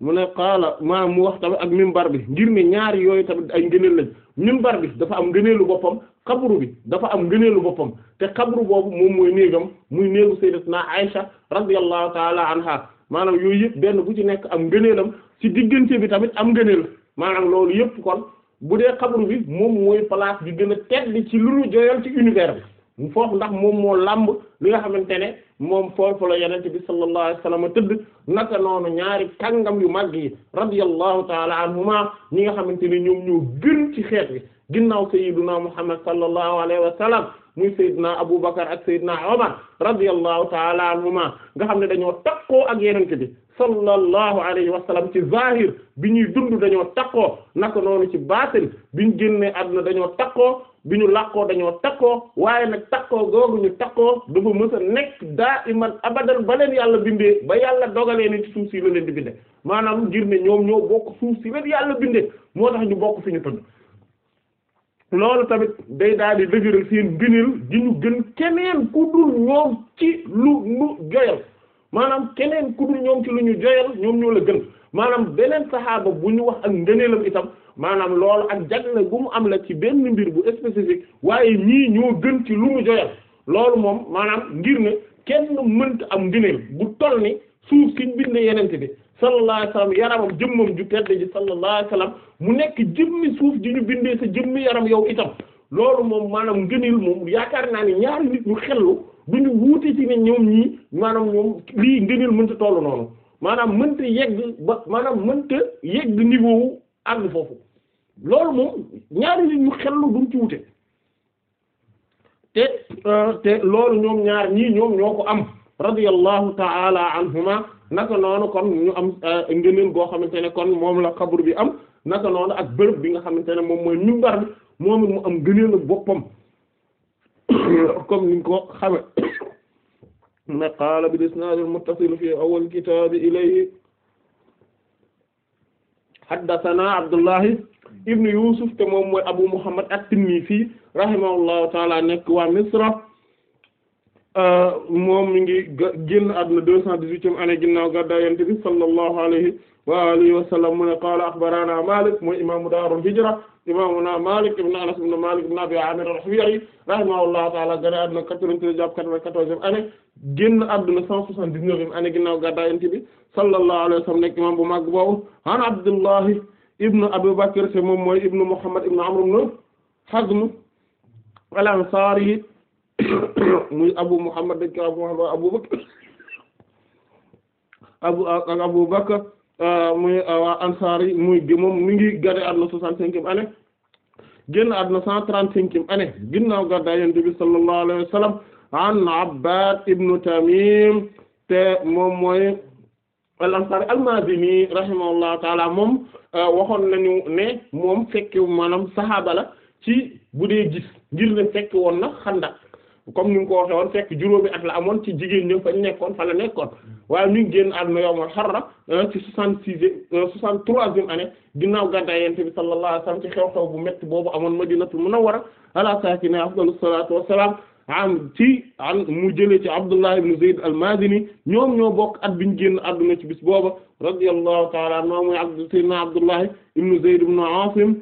mu ne qaala mu wax tamit ak minbar bi ngir ne ñaari yooyu tamit ay ngëneel lañ minbar bi dafa am ngëneelu boppam xabru bi dafa am ngëneelu boppam te xabru boobu moom mooy néegam muy néegu sayyidatuna Aisha radiyallahu ta'ala anha maanaam yooyu yëpp benn bu ci nekk am ngëneelam ci diggante bi tamit am ngëneel maanaam loolu yëpp kon bu dee xabru bi moom mooy place bi gën a tedd ci lu ñu joyal ci univers bi foofu ndax moom moo làmb li nga xamante moom foofu la yenente bi sallallahu alayhi wasallam tëdd naka noonu ñaari kàngam yu màgg yi radiyallahu taala anhuma ñi nga xamante ni ñoom ñoo gën ci xeet bi ginnaaw sayyiduna muhammad sallallahu alayhi wa sallam muy sayyidina abu bakar ak sayyidina umar radiyallahu taala anhuma nga xam ne dañoo takkoo ak yenente bi sallallahu alayhi wa sallam ci zahir bi ñuy dund dañoo takkoo naka noonu ci baatin bi ñu génnee àdduna dañoo takkoo bi ñu làkkoo dañoo takkoo waaye nag takkoo googu ñu takkoo dafa mës a nekk daa iman abadan ba leen yàlla bindee ba yàlla dogalee ni ci suuf si la leen di binde maanaam ngir ne ñoom ñoo bokk suuf si leen yàlla bindee moo tax ñu bokk fi ñu tëdd loolu tamit day daal di dëgëral seen gëneel gi ñu gën keneen ku dul ñoom ci lu ñu joyal maanaam keneen ku dul ñoom ci lu ñu joyal ñoom ñoo la gën maanaam beneen saxaaba bu ñu wax ak ngëneelam itam maanaam loolu ak jagle bu mu am la ci benn mbir bu spécifique waaye ñii ñoo gën ci lu mu joyal loolu moom maanaam ngir ne kenn mënta am ngëneel bu toll ni suuf kiñ bi sallallahu alayhi wa sallam yaramam jëmmam ju tedd ji sallallahu alayhi wa sallam mu nekk jëmmi suuf ji bindee sa jëmmi yaram yow itam loolu moom maanaam ngëneel moom yaakaar naa ne ñaari nit ñu xellu duñu wuute ci ne ñoom ñii maanaam ñoom lii ngëneel mënta toll noonu maanaam mënta yegg ba maanaam mënta yegg niveau wu foofu loolu moom ñaari nit ñu xellu duñ ci wute euh, te loolu ñoom ñaar ñii ñoom ñoo ko am radiyallahu ta'ala anhuma naka noonu kon ñu am euh, ngëneel goo xamante ne kon moom la xabru bi am naka noonu ak bërëb bi nga xamante ne moom mooy minbar bi moom mu am ngëneel ak boppam (coughs) comme niñ ko xame ne qaala bil isnaad al muttasil fi awwal kitaab ilayhi haddasanaa Abdullahi ibn Yusuf te moom mooy Abu Muhammad at-Tinnisi rahimahullahu taala nekk waa Misra euh, moom mi ngi génn àdduna deux cent dix-huitième année ginnaaw gàddaay Yonent bi sallallahu alayhi wa alihi wa sallam mu ne qaala axbaranaa Maalik mooy imaamu daarul hijra imaamuna Malik ibn Anas ibn Malik ibn Abi Amir al-Huwayrī rahimahullahu ta'ala gane àdduna 93 jàpp 94e année génn àdduna 179e année ginnaaw gàddaay Yonent bi sallallahu alayhi wa sallam nekk imaam bu mag boobu an Abdullahi ibn Abi Bakr te moom mooy ibn Muhammad ibn Amr ibn Hazm al-Ansari muy Abu Muhammad dañ ko Abu Muhammad Abu Bakr Abu Abu Bakr Euh, muy euh, waa ansaar yi muy moom mi ngi gane àdduna soixante-cinquième année génn àdduna cent trente-cinquième année ginnaaw gàddaay Yonent bi sallallahu alayhi wa sallam an Abbad ibn Tamim te moom mooy al-Ansari al-Mazini rahimahullahu taala moom euh, waxoon nañu ne moom fekke maanaam saxaaba la ci bu dee gis ne fekk woon na comme ni mu ko waxee woon fekk juróomi at la amoon ci jigéen ñi fañ nekkoon fa la nekkoon waaye mi ngi génn àdduna yawmal harra euh, ci soixante sixième euh, soixante troisième année ginnaaw gàddaay yonent bi sallallahu alayhi wasallam ci xew-xew bu metti boobu amoon Madinatul Munawwara ala saakinihaa afdalu salaatu wassalaam am ci mu jëlee ci Abdullah ibn Zayd al-Madini ñoom ñoo bokk at biñ génn àdduna ci bis booba radiyallahu ta'ala anhu mooy abd sayyidina Abdullah ibn Zayd ibn Asim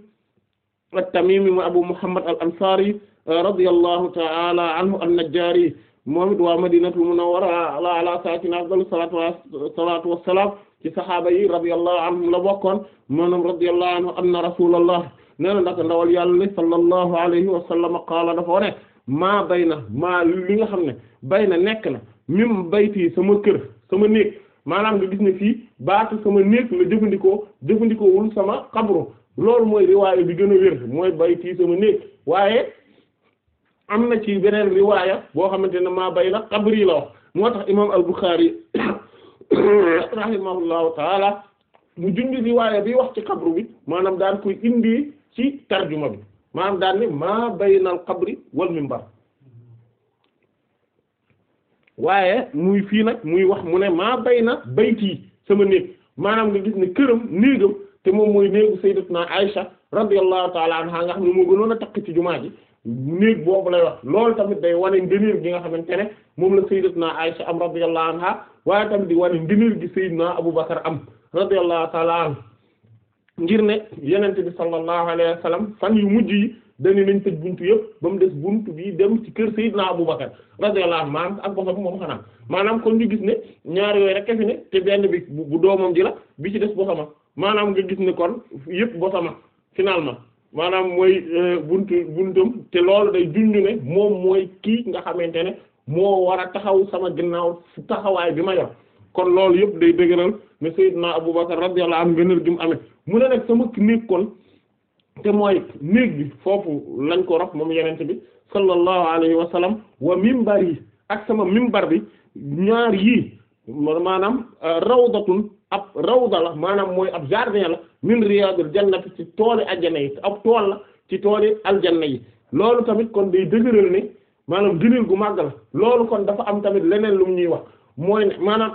at-Tamimi mooy Abu Muhammad al-Ansari radiyallahu ta'ala anhu an-Najjari moom it waa Madinatul Munawwara ala ala saakina afdalu salaatu wa salaatu wa salaam ci saxaaba yi radiyallahu anhum la bokkoon maanaam radiyallahu anhu anna rasulallah nee na ndax ndawal yàlla sallallahu alayhi wa sallam qaala dafa wane maa bay na maa li nga xam ne bay na nekk na mim bayti sama kër sama néeg maanaam nga gis ne fii baatu sama néeg la jëfandikoo jëfandikoowul sama xabru loolu mooy riwaayu bi gën a wér mooy am na ci beneen riwaaya boo xamante ne maa bay na xabri la wax moo tax imaam al-Bukhari (coughs) rahimahullahu taala mu junj riwaaya bi wax ci xabru bi maanaam daan koy indi ci tarjuma bi maanaam daan ne maa bayna al xabri wal minbar waaye muy fii nag muy wax mu ne maa na bayti sama néeg maanaam nga gis ne këram néegam te moom mooy néegu sayyidatuna Aisha radiyallahu ta'ala anha nga xam ne moo gënoon a takk ci jumaa ji néeg boobu lay wax loolu tamit day wane ngëneel gi nga xamante ne moom la sayyidatuna Aisha am radiyallahu anha waaye tamit di wane ngëneel gi sayyidina Abu Bakar am radiyallahu ta'ala anhu ngir ne yenente bi sallallahu alayhi wa fan yu mujj yi dañu nañ tëj buntu yëpp ba mu des buntu bi dem ci kër Seydina Abu Bakar radiyallahu anhu maanaam ak bosam moom xanaa maanaam kon ñu gis ne ñaar yooyu rek fi bi bu doomam la bi ci des bosama maanaam nga gis ne kon yëpp finalement maanaam mooy buntu euh, buntum te loolu day junj ne moom mooy kii nga xamante ne moo war a taxaw sama ginnaaw taxawaay bi ma yor kon loolu yëpp day dëgëral ne Seydina Abubakar radiyallahu anhu am gi mu amee mu ne nag sama néeg kon te mooy néeg bi foofu lañ ko rof moom yenent bi sallallahu alayhi wa sallam wa mimbar yi ak sama mimbar bi ñaar yii maanaam euh, rawdatun ab rawda la maanaam mooy ab jardin la min riyadul jannati ci tooli aljanna yi ab tool la ci tooli aljanna yi loolu tamit kon day dëgëral ni maanaam gënil gu màgg la loolu kon dafa am tamit leneen lu mu ñuy wax mooy ne maanaam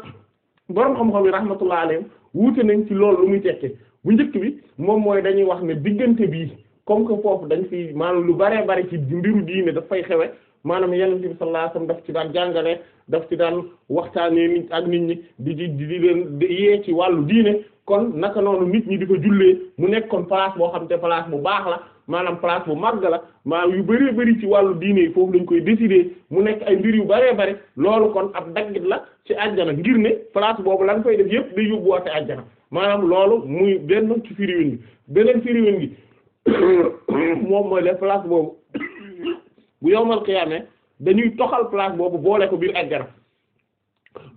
boroom xam-xam yi rahmatullah alayhim wuute nañ ci loolu lu muy tekki bu njëkk bi moom mooy dañuy wax ne diggante bii comme que foofu dañ fi maanaam lu baree bari ci mbiru diine dafay xewe maanaam yonent bi sallallahu alayhi wasallam daf ci daan jàngale daf ci daan waxtaanee nit ak nit ñi di di di leen yee ci wàllu diine kon naka noonu nit ñi di ko jullee mu nekkoon place boo xam te place bu baax la maanaam place bu màgg la maanaam yu bëree bëri ci wàllu diine yi foofu lañ koy décider mu nekk ay mbir yu bëree bëri loolu kon ab daggit la ci àjjana ngir ne place boobu lan koy def yëpp day yóbbuwaate àjjana maanaam loolu muy benn ci firiwin bi beneen firiwin bi (coughs) boobu bu yowmal qiyaamee dañuy toxal place boobu boole ko biir ajjana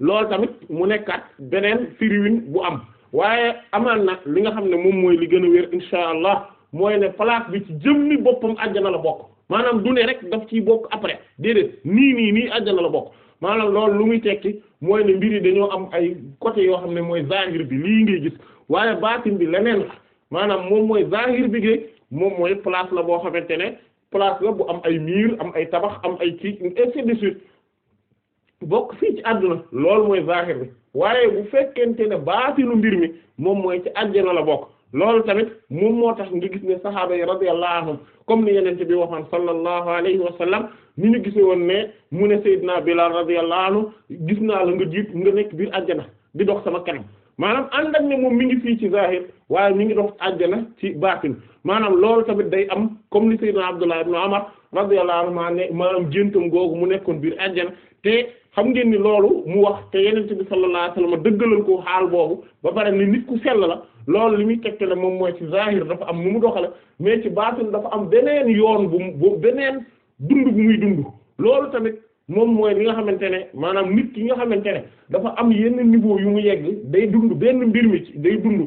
loolu tamit mu nekkat beneen firiwin bu am waaye amaan na li nga xam ne moom mooy li gën a wér insha allah mooy ne place bi ci jëmmi boppam ajjana la bokk maanaam du rek daf ciy bokk après déedéet nii nii nii ajjana la bokk maanaam loolu lu muy tekki mooy ne mbir dañoo am ay côté yoo xam ne mooy zahir bi lii ngay gis waaye baatin bi leneen la maanaam moom mooy zahir bi gi moom mooy place la boo xamante ne place la bu am ay miir am ay tabax am ay kii ainsi suite bokk fii ci àdduna lool mooy zahir bi waaye bu fekkente ne baatinu mbir mi moom mooy ci àjjana la bokk loolu tamit moom moo tax nga gis ne sahaaba yi radiyallahu anhum comme ni yenente bi waxoon sallallahu alayhi wa sallam ni ñu gise woon ne mu ne Seydina Bilal radiyallahu anhu gis naa la nga jiit nga nekk biir àjjana di dox sama kenam maanaam ànd ak moom mi ngi fii ci zahir waaye mi ngi dox àjjana ci baatin maanaam loolu tamit day am comme li sayyidina Abdullah ibn Umar radiyallahu anhu ne maanaam jéntam googu mu nekkoon biir àjjana te xam ngeen ni loolu mu wax te yenent bi sallallahu alayhi wasallam dëggalal ko xaal boobu ba pare ni nit ku sell la loolu li muy tegtale moom mooy ci zahir dafa am nu mu doxale mais ci baatin dafa am beneen yoon bu bu beneen dund bu muy dund loolu tamit moom mooy li nga xamante ne maanaam nit ki nga xamante ne dafa am yenn niveau yu mu yegg day dund benn mbir mi day dund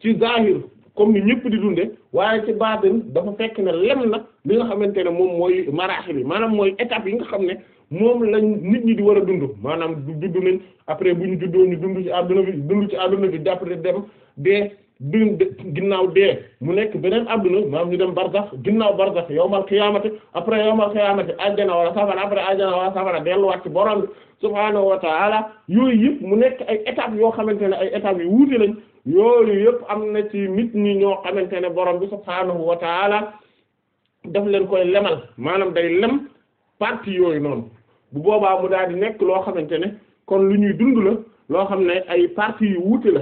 ci zahir comme ni ñëpp di dunde waaye ci baatin dafa fekk ne lem nag li nga xamante ne moom mooy maraaxil yi maanaam mooy étapes yi nga xam ne moom lañ nit ñi di war a dund maanaam du dund nañ après bu ñu juddoo ñu dund ci àdduna bi dund ci àdduna bi jàppale dem dee duñ ginnaw dee mu nekk beneen adduna maam ñu dem barzax ginnaaw barzax yawmal qiyaamati après yawmal qiyaamati ajjana wala safara a ajjana wala safara delluwaat ci borom bi subhaanahu wa ta'ala yooyu yëpp mu nekk ay étapes yoo xamante ne ay étapes yu wuute lañ yëpp am na ci nit ñi ñoo xamante ne borom bi subhaanahu wa ta'ala daf leen koy lemal maanaam day lem partie yooyu noonu bu boobaa mu daal di nekk loo xamante ne kon lu ñuy dund la loo xam ne ay parties yu wuute la.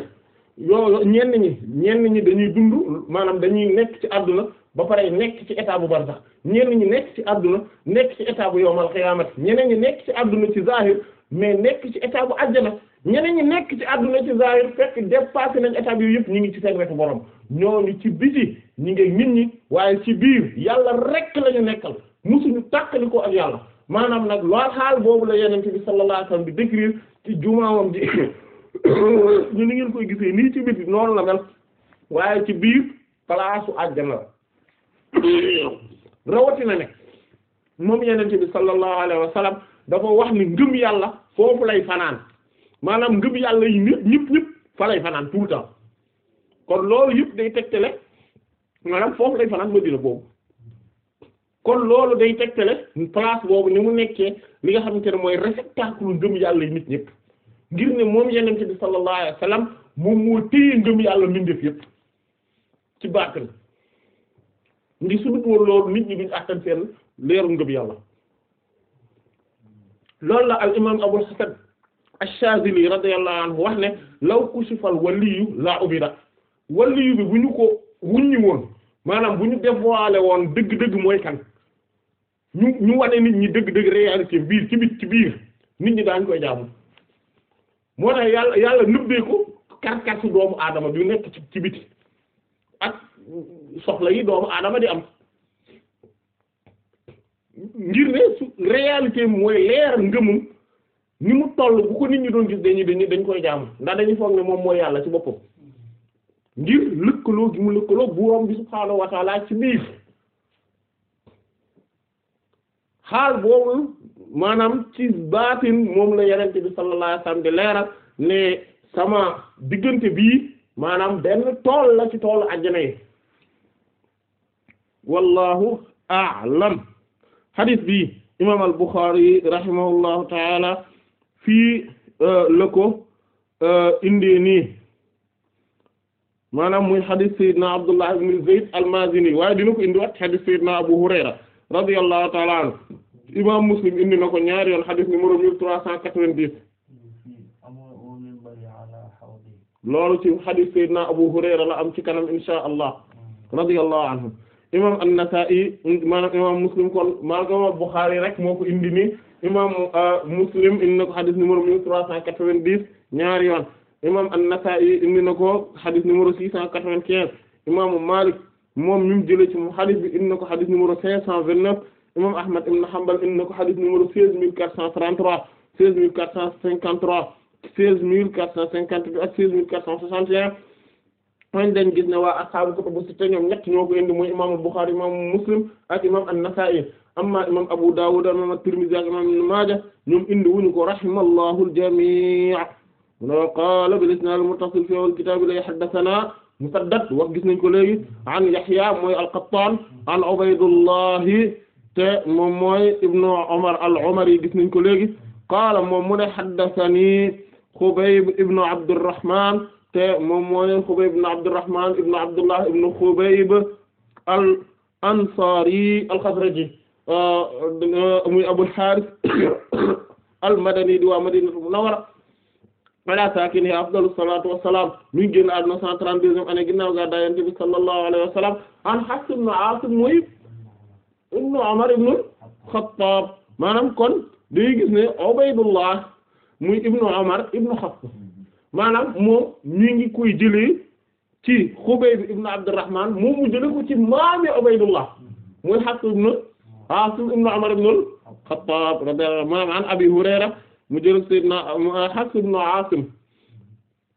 yoo ñenn ñi ñenn ñi dañuy dund maanaam dañuy nekk ci àdduna ba pare nekk ci état bu barzax ñenn ñi nekk ci àdduna nekk ci état bu yawmal xiyaamati ñeneen ñi nekk ci àdduna ci zahir mais nekk ci état bu na ñeneen ñi nekk ci àdduna ci zahir fekk dépassé nañ état bi yëpp ñu ngi ci seen wetu borom ñooñu ci biti ñi ngi nit ñi waaye ci biir yàlla rekk la ñu nekkal musuñu tàqali ko ak yàlla maanaam nag lool xaal boobu la yonent bi sallallahu alayhi wasallam bi décrire ci jumaawam ji (coughs) ñu ni ngeen koy gisee lii ci biti noonu la mel waaye ci biir palaasu àjjana la rawatina ne moom yeneen bi sallallahu alayhi wa dafa wax ni ngëm yàlla foofu lay fanaan maanaam ngëm yàlla yi ñëpp ñëpp ñëpp fa lay fanaan tout le temps kon loolu yëpp day tegtale maanaam foofu lay fanaan Madina boobu kon loolu day tegtale place boobu ni mu nekkee li nga xamante ne mooy réceptacle ngëm yàlla yi nit ñëpp ngir ne moom yeneen ci bi sallallahu wa sallam moom moo téye ngëm yàlla mbindeef yépp ci baatin ndi su dul woon loolu nit ñi duñ àttan seen leeru ngëm yàlla loolu la al imaam Abul Hasan ash-Shazili radiyallahu anhu wax ne law kushifal waliyu la ubida waliyu bi bu ñu ko wuññi woon maanaam bu ñu dévoilé woon dëgg-dëgg mooy kan ñu ñu wane nit ñi dëgg-dëgg réalité biir ci biir nit ñi daañ koy jaamu moo tax yàlla yàlla nëbbee ko karkarsu doomu aadama bi nekk ci ci biti ak soxla doomu aadama di am ngir ne su réalité mooy leer ngëmum ni mu toll bu ko nit ñi doon gis dañuy dañuy dañ koy jaamu ndax dañuy foog ne moom mooy yàlla ci boppam ngir lëkkaloo gi mu lëkkaloo buroom bi subhaanahu wa ci biir xaal boobu maanaam ci baatin moom la yenente bi sallallahu alayhi wasallam di leeral sama diggante bii maanaam benn tool la ci toolu àjjana yi wallahu a'lam hadith bi imam al-Bukhari rahimahullahu ta'ala fii euh, la ko euh, indee nii maanaam muy hadith sayyidina Abdullah ibn Zayd al-Mazini waaye dina ko indiwaat hadith sayyidina Abu Hurayra radiyallahu ta'ala anhu imam muslim indi na ko ñaari yoon xadis numéro mille trois cent quatre-vingt-dix loolu ci xadis sayyidina abu hurayra la am ci kanam insha allah radiyallahu anhum imam an-nasa'i imam muslim kon maanaam bukhari rek moo ko indi ni imam euh, muslim indi na ko xadis numéro mille trois cent quatre-vingt-dix ñaari yoon imam an-nasa'i indi na ko xadis numéro six cent quatre-vingt-quinze imam malik moom mi mu jëlee ci ko xadis numéro cinq vingt imam Ahmad ibn Hanbal indi na ko hadith numéro seize mille quatre cent trente-trois seize mille quatre cent cinquante-trois seize mille quatre cent cinquante-huit ak seize mille quatre cent soixante et un man dañ gis ne waa ashaabu kutubu sitta ñoom ñett ñoo ko indi mooy imam Bukhari imam Muslim ak imam an-Nasa'i amma imam Abu Dawud imam at-Tirmidhi ak imam Ibn Maaja ñoom indi wuñu ko rahimallahu al-jami' wa qala bil isnad al-muttasil fi al-kitab la haddathana Musaddad wax gis nañ ko léegi an Yahya mooy al-Qattan an Ubaydullah te moom mooy ibnu Umar al-Umari gis nañ ko léegi qaala moom mu ne haddathani Xubayb ibnu Abdurrahman te moom mooy Xubayb ibnu Abdurrahman ibnu Abdullah ibnu Xubayb al-Ansari al-Xazraji euh, muy Abul Haaris (coughs) al-Madani di waa Madinatu Munawwara ala saakinihaa afdalu salaatu wa salaam mi ngi génn àdduna 132e année ginnaaw gàddaay Yonent bi sallallahu alayhi wa sallam an Hafs ibn Aasim ibnu Umar ibnu Xattaab maanaam kon day gis ne Ubaydullah muy ibnu Umar ibnu Xattaab maanaam moom mi ngi koy jëlee ci Xubayb ibnu Abdurrahman moom mu jëlee ko ci maami Ubaydullah muy Hafs ibnu Aasim ibnu Umar ibnu Xattaab radiyallahu anhu an Abi Hurayra mu jëlee Sayyidina Hafs ibnu Aasim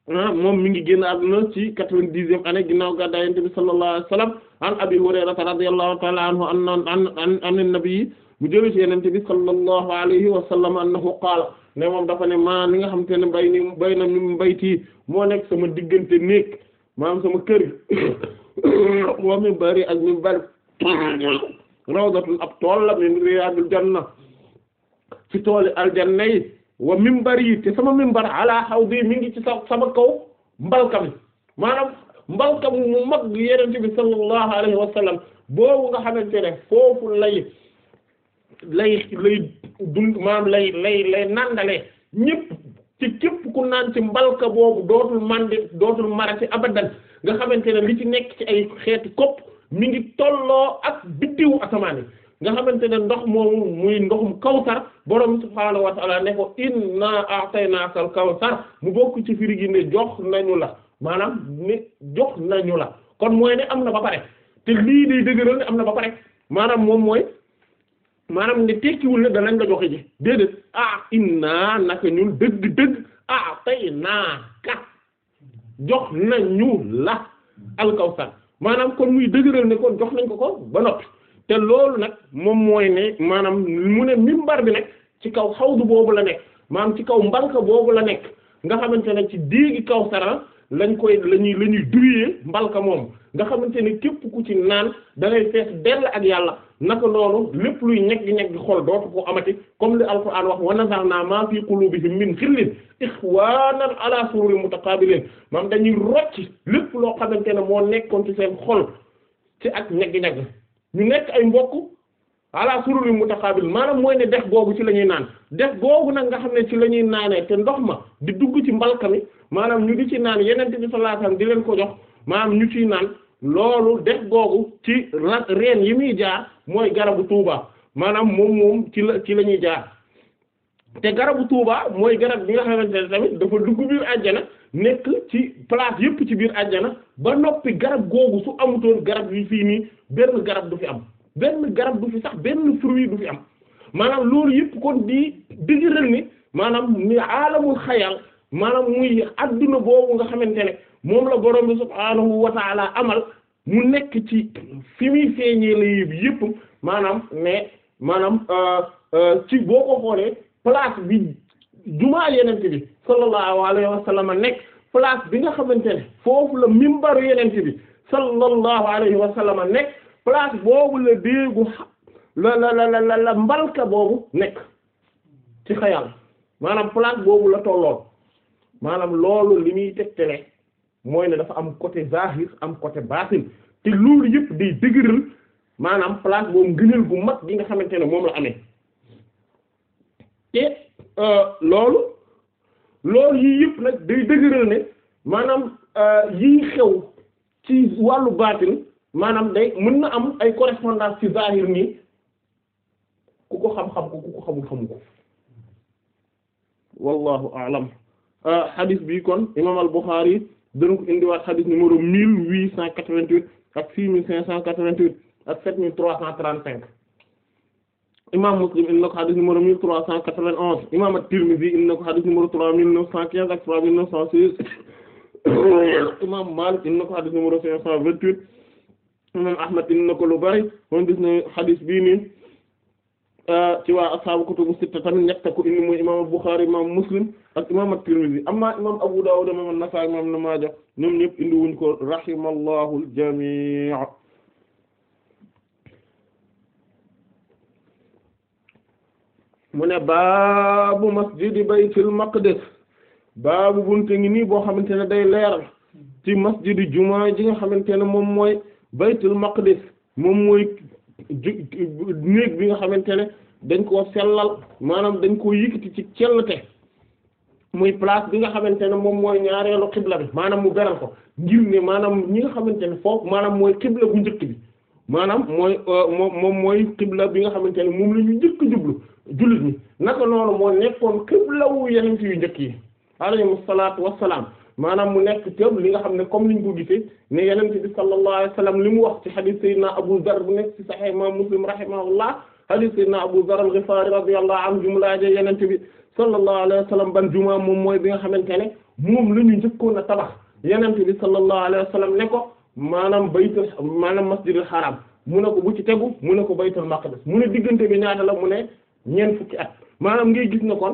Ah, moom mi ngi génn àdduna ci quatre-vingt-dixième gi ginnaaw gàddaay Yonent bi sallallahu alayhi wa sallam an Abi Hurayrata radiyallahu ta'ala an an-nabi mu jëlee ci Yonent bi sallallahu alayhi wa sallam annahu qaala ne moom dafa ne maa li nga xam te ne bay ni bay na mi mbaytii moo nekk sama diggante néeg maanaam sama kër (coughs) wa mi bari ak mi bari (coughs) rawdatun ab tool la min riyaadul janna ci tooli aljanna yi wa mimbar yi te sama mimbar xaw hawdi mi ngi ci sa sama kaw mbalkam maanaam mbalkam mu mag yenente bi sallallahu alayhi wa boobu nga xamante ne foofu lay lay lay dund maanaam lay lay lay nandalee ñëpp ci képp ku naan ci mbalka boobu dootul mandi dootul marati abadan nga xamante ne li ci nekk ci ay xeeti kopp mi ngi tolloo ak biddiwu asamaan yi nga xamante ne ndox moomu muy ndoxum kawsar borom subhaanahu wa ta'ala ne ko inna a'taynaakal kawsar mu bokk ci firi gi ne jox nañu la maanaam ne jox nañu la kon mooy ne am na ba pare te lii day dëgëral ne am na ba pare maanaam moom mooy maanaam ne tekkiwul ne danañ la joxe ji déedéet ah inna naka ñun dëgg-dëgg ah tey naa ka jox nañu la alkawsar maanaam kon muy dëgëral ne kon jox nañ ko ko ba noppi te loolu nag moom mooy ne maanaam mu ne mbar bi nag ci kaw xawdu boobu la nekk maanaam ci kaw mbalka boobu la nekk nga xamante ne ci déegi kaw sara lañ koy lañuy la ñuy duyee mbalka moom nga xamante ne képp ku ci naan da ngay fees dell ak yàlla naka noonu lépp luy ñeg gi ñeg gi xol dootu ko amati comme li alquran wax wa nazarna ma fi qulubihim min xillin ixwanan ala sururi mutaqabilin maam dañuy rocc lépp loo xamante ne moo nekkoon ci xol ci ak ñeg gi ñeg ñu nekk ay mbokk ala sururi mutaqabil maanaam mooy ne dex googu ci la ñuy naan dex googu nag nga xam ne ci la ñuy naanee te ndox ma di dugg ci mbalka mi maanaam ñu di ci naan yeneen bi sallallahu di leen ko jox maanaam ñu ciy naan loolu dex googu ci reen yi muy jaar mooy garabu tuuba maanaam moom moom ci la ci la ñuy jaar te garabu Touba mooy garab bi nga xamante ne tamit dafa dugg biir àjjana nekk ci place yépp ci biir àjjana ba noppi garab googu su amutoon garab yi fii nii benn garab du fi am benn garab du fi sax benn fruit du fi am maanaam loolu yépp kon di digëral ni maanaam ni aalamul xayal maanaam muy adduna boobu nga xamante ne moom la borom bi subhaanahu wa taala amal mu nekk ci fi muy feeñee la yépp maanaam ne maanaam euh, euh, ci boo ko xoolee. place bi jumaa yenent bi sallallahu alayhi wa sallam nekk place bi nga xamante ne foofu la mimbaru yenent bi sallallahu alayhi wa sallam nekk place boobu la déegu la la la la la mbalka boobu nekk ci xayal maanaam place boobu la tolloon maanaam loolu li muy tegtale mooy ne dafa am côté zahir am côté batin te loolu yëpp day dëgëral maanaam place boobu ngëneel gu mag gi nga xamante ne moom la amee te euh, loolu loolu yii yëpp nag day dëgëral ne maanaam euh, yii xew ci wàllu baatin maanaam day mën na am ay correspondance ci zahir nii ku ko xam-xam ko ku ko xamul xamu ko a a'lam euh, hadith bi kon imam al-Bukhari dana ko indiwaat hadith numéro mille huit cent quatre-vingt-huit ak six mille cinq cent quatre-vingt-huit ak sept mille trois cent trente-cinq imaam Muslim indi na ko xadis numéro mille trois cent quatre-vingt-onze imaam At-Tirmidhi indi na ko xadis numéro trois mille neuf cent quinze ak trois mille neuf cent seize (coughs) imaam Maalik indi na ko xadis numéro cinq cent vingt-huit imaam Ahmad indi na ko lu bari moom gis na xadis bii nii ah, ci waa ashaabu kutubu sitta tamit ñett ko indi mooy imaam Bukhari imaam Muslim ak imaam At-Tirmidhi amma imaam Abu Dawud imaam An-Nasa'i imaam Ibn Maaja ñoom ñëpp indi wuñ ko rahimallahu al-jamii' mu ne baabu masjidi baytil maqdis baabu bunte ngi nii boo xamante ne day leeral ci masjidi jumaa ji nga xamante ne moom mooy baytul maqdis moom mooy néeg bi nga xamante ne dañ koo sellal maanaam dañ koo yëkkati ci cellte muy place bi nga xamante ne moom mooy ñaareelu xibla bi maanaam mu beral ko ngir ne maanaam ñi nga xamante ne foofu maanaam mooy xibla bu njëkk bi maanaam mooy euh, moom mooy xibla bi nga xamante ne moom la ñu njëkk jublu jullit ñi naka noonu moo nekkoon xibla wu yeneen yu njëkk yi alayhimu salaatu wassalaam maanaam mu nekk tëb li nga xam ne comme niñ ko gisee ne yeneen bi sallallahu alayhi wasallam li mu wax ci hadith sayyidina Abu Dharr bu nekk ci Sahih Imam Muslim rahimahullah hadith sayyidina Abu Dharr al-Ghifari radiyallahu anhu jumlaaje yeneen bi sallallahu alayhi wasallam ban juma moom mooy bi nga xamante ne moom la ñu njëkkoon a tabax yeneen bi sallallahu alayhi wasallam ne ko maanaam baytul maanaam masjidul haram mu ne ko bu ci tegu mu ne ko baytul maqdis mu ne diggante bi ñaata la mu ne ñeent fukki at maanaam ngay gis ne kon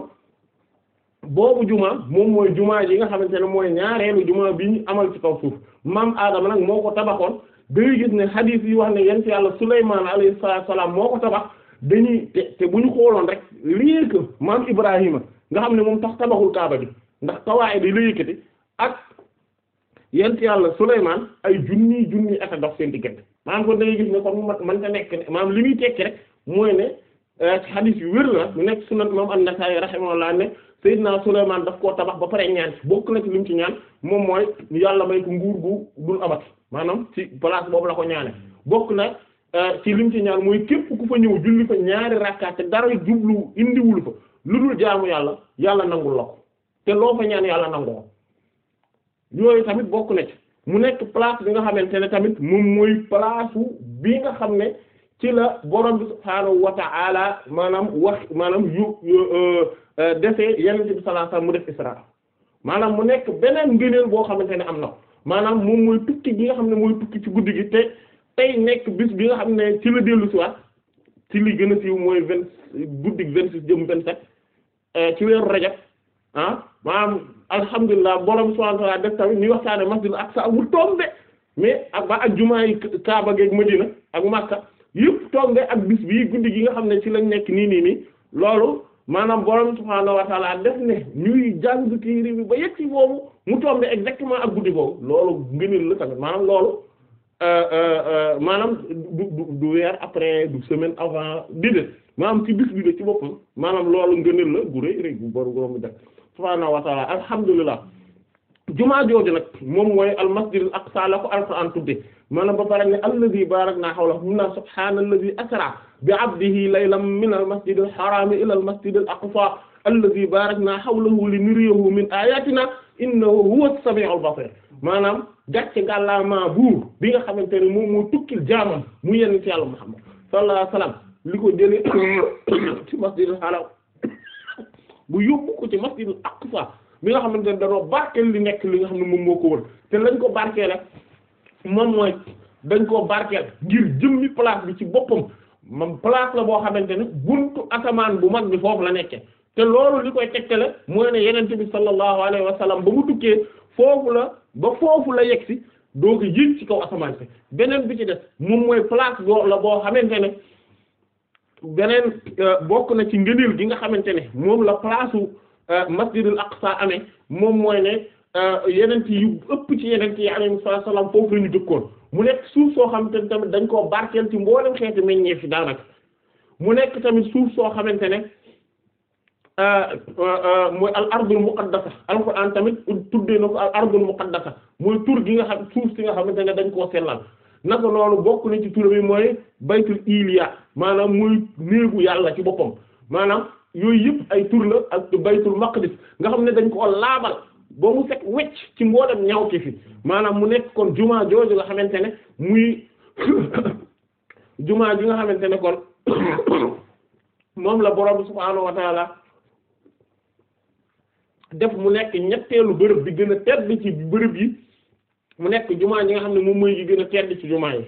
boobu juma moom mooy jumaa yi nga xamante ne mooy ñaareelu jumaa bi ñu amal ci kaw suuf maam Adama nag moo ko tabaxoon day gis ne xadiis yi wax ne yent yàlla Sulaymaan alayhi salaam moo ko tabax dañuy te te bu ñu xooloon rek lii que maam Ibrahima nga xam ne moom tax tabaxul kaaba bi ndax yent yàlla Souleymane ay junni junni at a dox seen diggante maanaam kon da ngay gis mu kon man ta nekk maam maanaam li muy tekki rek mooy ne euh, ci xadiis yu wér na mu nekk sunan moom an-Nasaa'i rahimahullah ne Seydina Souleymane daf koo tabax ba pare ñaan bokk na ci li ci ñaan moom mooy yàlla may ko gu dul abat maanaam ci place boobu la ko ñaane bokk na euh, ci li mu ci ñaan mooy képp ku fa ñëw julli fa ñaari rakkaat te dara jublu indiwul fa lu dul jaamu yàlla yàlla nangul la ko te loo fa ñaan yàlla nangoo yooyu tamit bokk na mu nekk place bi nga xamante ne tamit moom mooy place bi nga xam ne ci la borom bi subhaanahu wa maanaam wax maanaam yu euh, euh, defee yenn ci bi sallallahu mu def isra maanaam mu nekk beneen ngëneel boo xamante ne am na maanaam moom mooy tukki gi nga xam ne mooy tukki ci guddi gi te tey nekk bis bi nga xam ne ci la dellu si waat ci li gën a siiw mooy vingt guddi vingt six jëm vingt sept euh, ci weeru rajab ah maanaam alhamdulilah borom subhanahu wa ta'ala def tamit ñuy waxtaane masjidul aqsa mu tombe mais ak ba ak jumaa yi Kaaba geeg Madina ak Makka yëpp tombe ak bis bi guddi gi nga xam ne ci lañ nekk nii nii nii loolu maanaam borom subhanahu wa ta'ala def ne ñuy jàng téere bi ba yegg ci boobu mu tombe exactement ak guddi boobu loolu ngëneel la tamit maanaam loolu euh, euh, euh, maanaam du du du weer après du semaine avant di de maanaam ci bis bi de ci boppam maanaam loolu ngëneel la gu rëy rëy gu borom borom subhaanahu wa taala alhamdulilah jumaa jooju nag moom mooy almasjidul aqsa la ko alquran tudde maanaam ba pare ne alladi barakna hawla mun naa subhaanalladi asra bi abdihi laylan min almasjidil haraami ila almasjidil aqsa alladi barakna hawlahu linuriyahu min ayatina innahu huwa as-sami'ul basir maanaam gàcce ngàllaamaa buur bi nga xamante ne moom moo tukkil jaamam mu yenn ci yàlla Muhammad sallallahu alayhi wa sallam li ko jëlee (coughs) ci masjidul haram bu yóbbu ko ci masjidul aqsa bi nga xamante ne dañoo barkeel li nekk li nga xam ne moom moo ko wër te lañ ko barkeele moom mooy dañ koo barkeel ngir jëmmi place bi ci boppam moom place la boo xamante ne buntu asamaan bu mag bi foofu la nekke te loolu li koy tegtale mooy ne yenent bi sallallahu alayhi wa sallam ba mu tukkee foofu la ba foofu la yegg si doo ko yëg ci kaw asamaan si beneen bi ci des moom mooy place boo la boo xamante ne beneen euh, bokk na ci ngëneel gi nga xamante ne moom la place u euh, masjidul aqsa amee moom mooy ne euh, yeneen yu ëpp ci yeneen yi alayhi salaam foofu la ñu dëkkoon mu nekk suuf soo xamante ne tamit dañ koo barkeel ci mboolem xeeti meññee fi daanaka mu nekk tamit suuf soo xamante ne mooy al ardul muqaddasa alquran tamit tuddee na ko al ardul muqaddasa mooy tur gi nga xam suuf si nga xamante ne dañ koo sellal naka noonu bokk na ci turam yi mooy baytul iliya maanaam muy néegu yàlla ci boppam maanaam yooyu yëpp ay tur la ak baytul maqdis nga xam ne dañ koo laabal ba mu set wecc ci mboolem ñaw ki fi maanaam mu nekk kon jumaa jooju nga xamante ne muy (coughs) jumaa ji nga xamante ne kon (coughs) moom la borom subhaanahu wa taala def mu nekk ñetteelu bërëb bi gën a tedd ci bërëb yi mu nekk jumaa ji nga xam ne moom mooy yi gën a tedd ci jumaa yi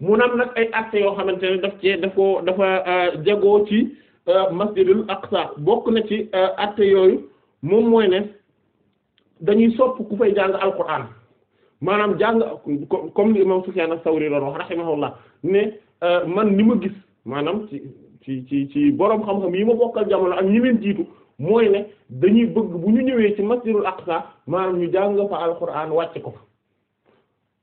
mu nam nag ay actes yoo xamante ne daf cee daf ko dafa euh, jagoo ci euh, masjidul aqsa bokk na ci euh, actes yooyu moom mooy ne dañuy sopp ku fay jàng alquran maanaam jàng comme li imam Sufyan as-Sawri doon wax rahimahullah ne man li ma gis maanaam ci ci ci ci boroom xam-xam yi ma bokkal jamono ak ñi leen jiitu mooy ne dañuy bëgg bu ñu ñëwee ci masjidul aqsa maanaam ñu jàng fa alquran wàcc ko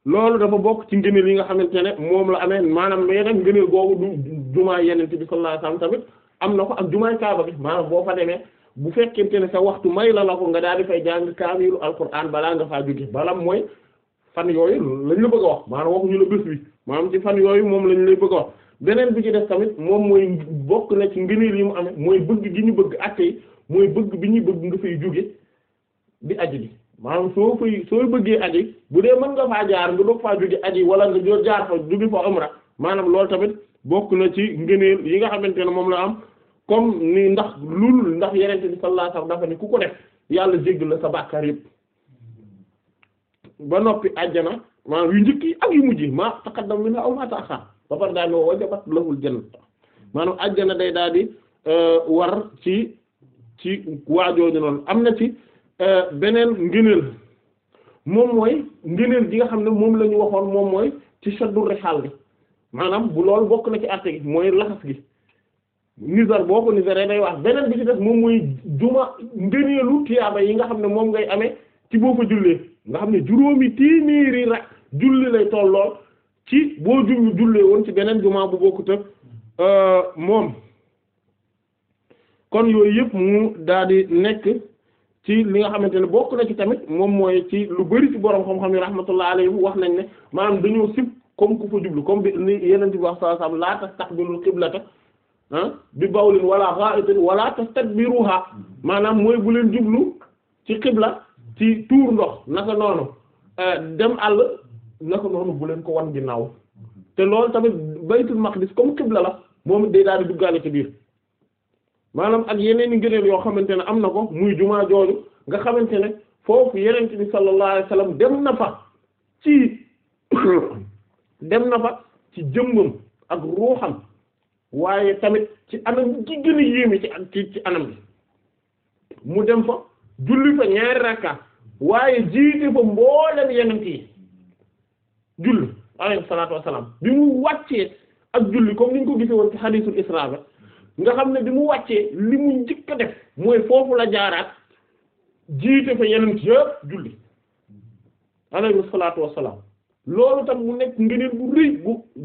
loolu dafa bokk ci ngëneel yi nga xamante ne moom la amee maanaam mais nag ngëneel googu du jumaa yenente bi sallallahu alayhi tamit am na ko ak jumaay kaaba bi maanaam boo fa demee bu fekkente ne sa waxtu may la la ko nga daal di fay jàng kaamilu alquran balaa nga faa jóge bala mooy fan yooyu lañ la bëgg a wax maanaam waxuñu la bés bi maanaam ci fan yooyu moom lañ lay bëgg a wax bi ci def tamit moom mooy bokk na ci ngëneel yi mu amee mooy bëgg gi ñu bëgg àtte yi mooy bëgg bi ñuy bëgg nga fay jóge di aj bi maanaam soo fay soo bëggee aji bu dee mën nga faa jaar nga doog faa jóge aji wala nga joo jaar fa jóge fa umra maanaam loolu tamit bokk na ci ngëneel yi nga xamante ne moom la am comme ni ndax lul ndax yenente bi sallallahu alayhi dafa ne ku ko def yàlla jéggal la sa bàkkaar yëpp ba noppi àjjana maanaam yu njëkk yi ak yu mujj ma taqaddam minha aw ma ta'akhkhar ba pare daa wajabat lahul janna maanaam àjjana day ci waajooju noonu am na ci euh, beneen ngëneel moom mooy ngëneel gi nga xam ne moom la waxoon moom mooy ci shaddu rihal bi maanaam bu loolu bokk na ci àtte gi mooy laxas gi nisar boo ko nisaree day wax beneen bi ci def moom mooy juma ngëneelu tiyaaba yi nga xam ne moom ngay amee ci boo fa jullee nga xam ne juróomi téeméeri rek julli lay toll lool ci boo julli jullee woon ci beneen juma bu bokkut ak euh, moom kon yooyu yëpp mu daal di nekk ci li nga xamante ne bokk na ci tamit moom mooy ci lu bari ci borom xam-xam yi rahmatullah alayhi wax nañ ne maanaam dañoo sib comme ku fa jublu comme bi yeneen ci wax saa saam laa tastaqbilul qiblata ah bi bawlin wala gha'itin wala tastadbiruha maanaam mooy bu leen jublu ci qibla ci tuur ndox naka noonu eh, dem àll naka noonu bu leen ko wan ginnaaw te loolu tamit baytul maqdis comme qibla la moom day daal di duggaale ci biir. maanaam ak yeneen i ngëneel yoo xamante ne am na ko muy jumaa jooju nga xamante ne foofu yeneen ni sallallahu alayhi wasallam dem na fa ci (coughs) dem na fa ci jëmmam ak ruuxam waaye tamit ci anam gi gën a yéeme ci ci anam bi mu dem fa julli fa ñaari rakka waaye jiite fa mboolem yeneen yi julli alayhi salaatu wassalaam bi mu wàccee ak julli comme niñ ko gisee woon ci xadiisul Israa nga xam ne bi mu wàccee li mu njëkk def mooy foofu la jaaraat jiite fa yeneen yëpp julli alayhi salaatu wassalaam loolu tam mu nekk ngëneel bu rëy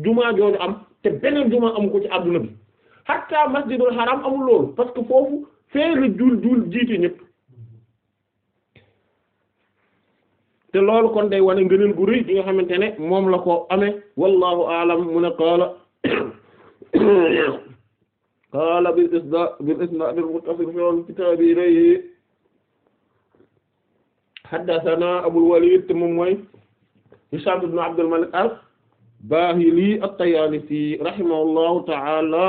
jumaa jooju am te beneen jumaa amu ko ci àdduna bi hatta masjidul haram amul loolu parce que foofu fee la juul jiite ñëpp te loolu kon day wane ngëneel gu rëy bi nga xamante ne moom la ko ame wallahu alam mu ne qaala qaala bil isnaad al muttasil fil kitaab ilayhi haddasanaa Abul Waliid te moom mooy Hishaam ibn Abdul Malik al-Baahili at-Tayaalisi rahimahullahu ta'aala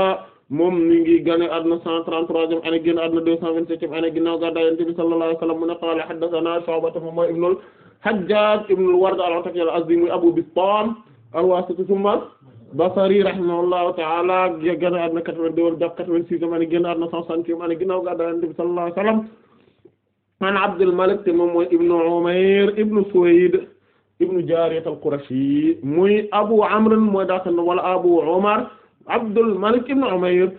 moom mi ngi gane àdduna 133 ane génn àdduna 227 ane ginnaaw gàddaay Yonent bi sallallahu alayhi wa sallam mu ne qaala haddasanaa Shu'ba moom mooy ibnul Hajjaaj ibnul Ward al-Ataki al-Azdi muy Abu Bistaam al-Waasiti Basri rahimahullahu ta'ala génn àdduna 82 jàpp 86 am ani génn àdduna 160 ani ginnaaw gàddaay Yonent bi sallallahu alayhi wa sallam an Abdul Malik te moom mooy ibnu Umayr ibnu Suwayd ibnu Jaariyat al-Qurashi muy Abu Amr mooy daa kan wala Abu Umar Abdul Malik ibnu Umayr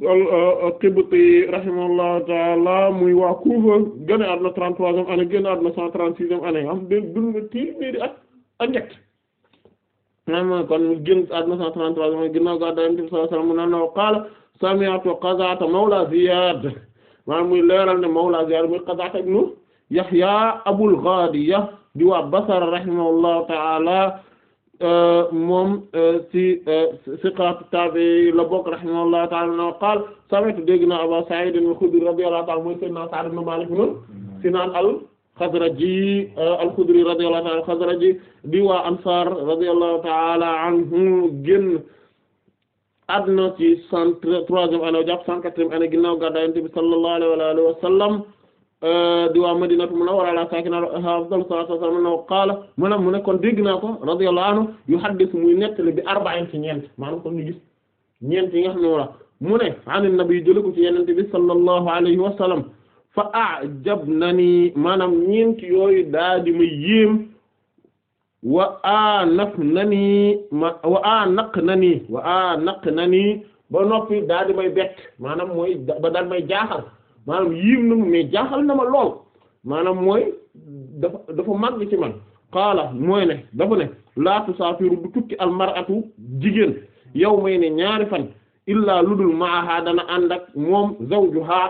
al-Qibti euh, rahimahullahu ta'ala muy waa Kufa génn àdduna 33 am ani génn àdduna 136 am ani am dund téeméeri at ak ñett maanaam kon génn àdduna 133 mooy ginnaaw gàddaay Yonent bi sallallahu alayhi wasallam mu qaala sami'tu Qazaata mawla Ziyaad maanaam muy leeral ne mawla Ziyaad muy Qazaata ibnu Yahya Abul Ghaadiya di waa Basra rahimahullahu ta'ala moom ci siqaat taabi la bokk rahimahullahu ta'ala na qaal sami'tu dégg naa Abaa Sa'iid al-Khudri radiyallahu ta'ala mooy Sayyidina Sa'd ibn Maalik ibn Sinaan al Xazraji euh, al-Xudri radiyallahu ta'ala al-Xazraji di waa Ansaar radiyallahu ta'ala anhu génn àdduna ci cent troisième année jàpp cent quatrième année ginnaaw gàddaay Yonent bi sallallahu alayhi wa alihi wa sallam euh, di waa Madinatu Munawwara ala saakinihaa afdalu salaatu wa salaam no qaala maanaam mu ne kon dégg naa ko radiyallahu anhu yuhaddisu muy nettali bi arba'in ci ñeent maanaam kon ñu gis ñeent yi nga xam ne wala mu ne an nabi jële ko ci Yonent bi sallallahu alayhi fa a'jabnani maanaam ñeent yooyu daal di ma yéem wa anafnani ma wa anaqnani naq anaqnani ba noppi daal di may bett maanaam mooy ba may jaaxal maanaam yéem na ma jaaxal na ma lool maanaam mooy dafa dafa màgg ci man qaala mooy ne dafa ne laa tusaafiru du tukki almaratu jigéen yow may ne ñaari fan illaa ludul maaha dana ànd ak moom zawjuha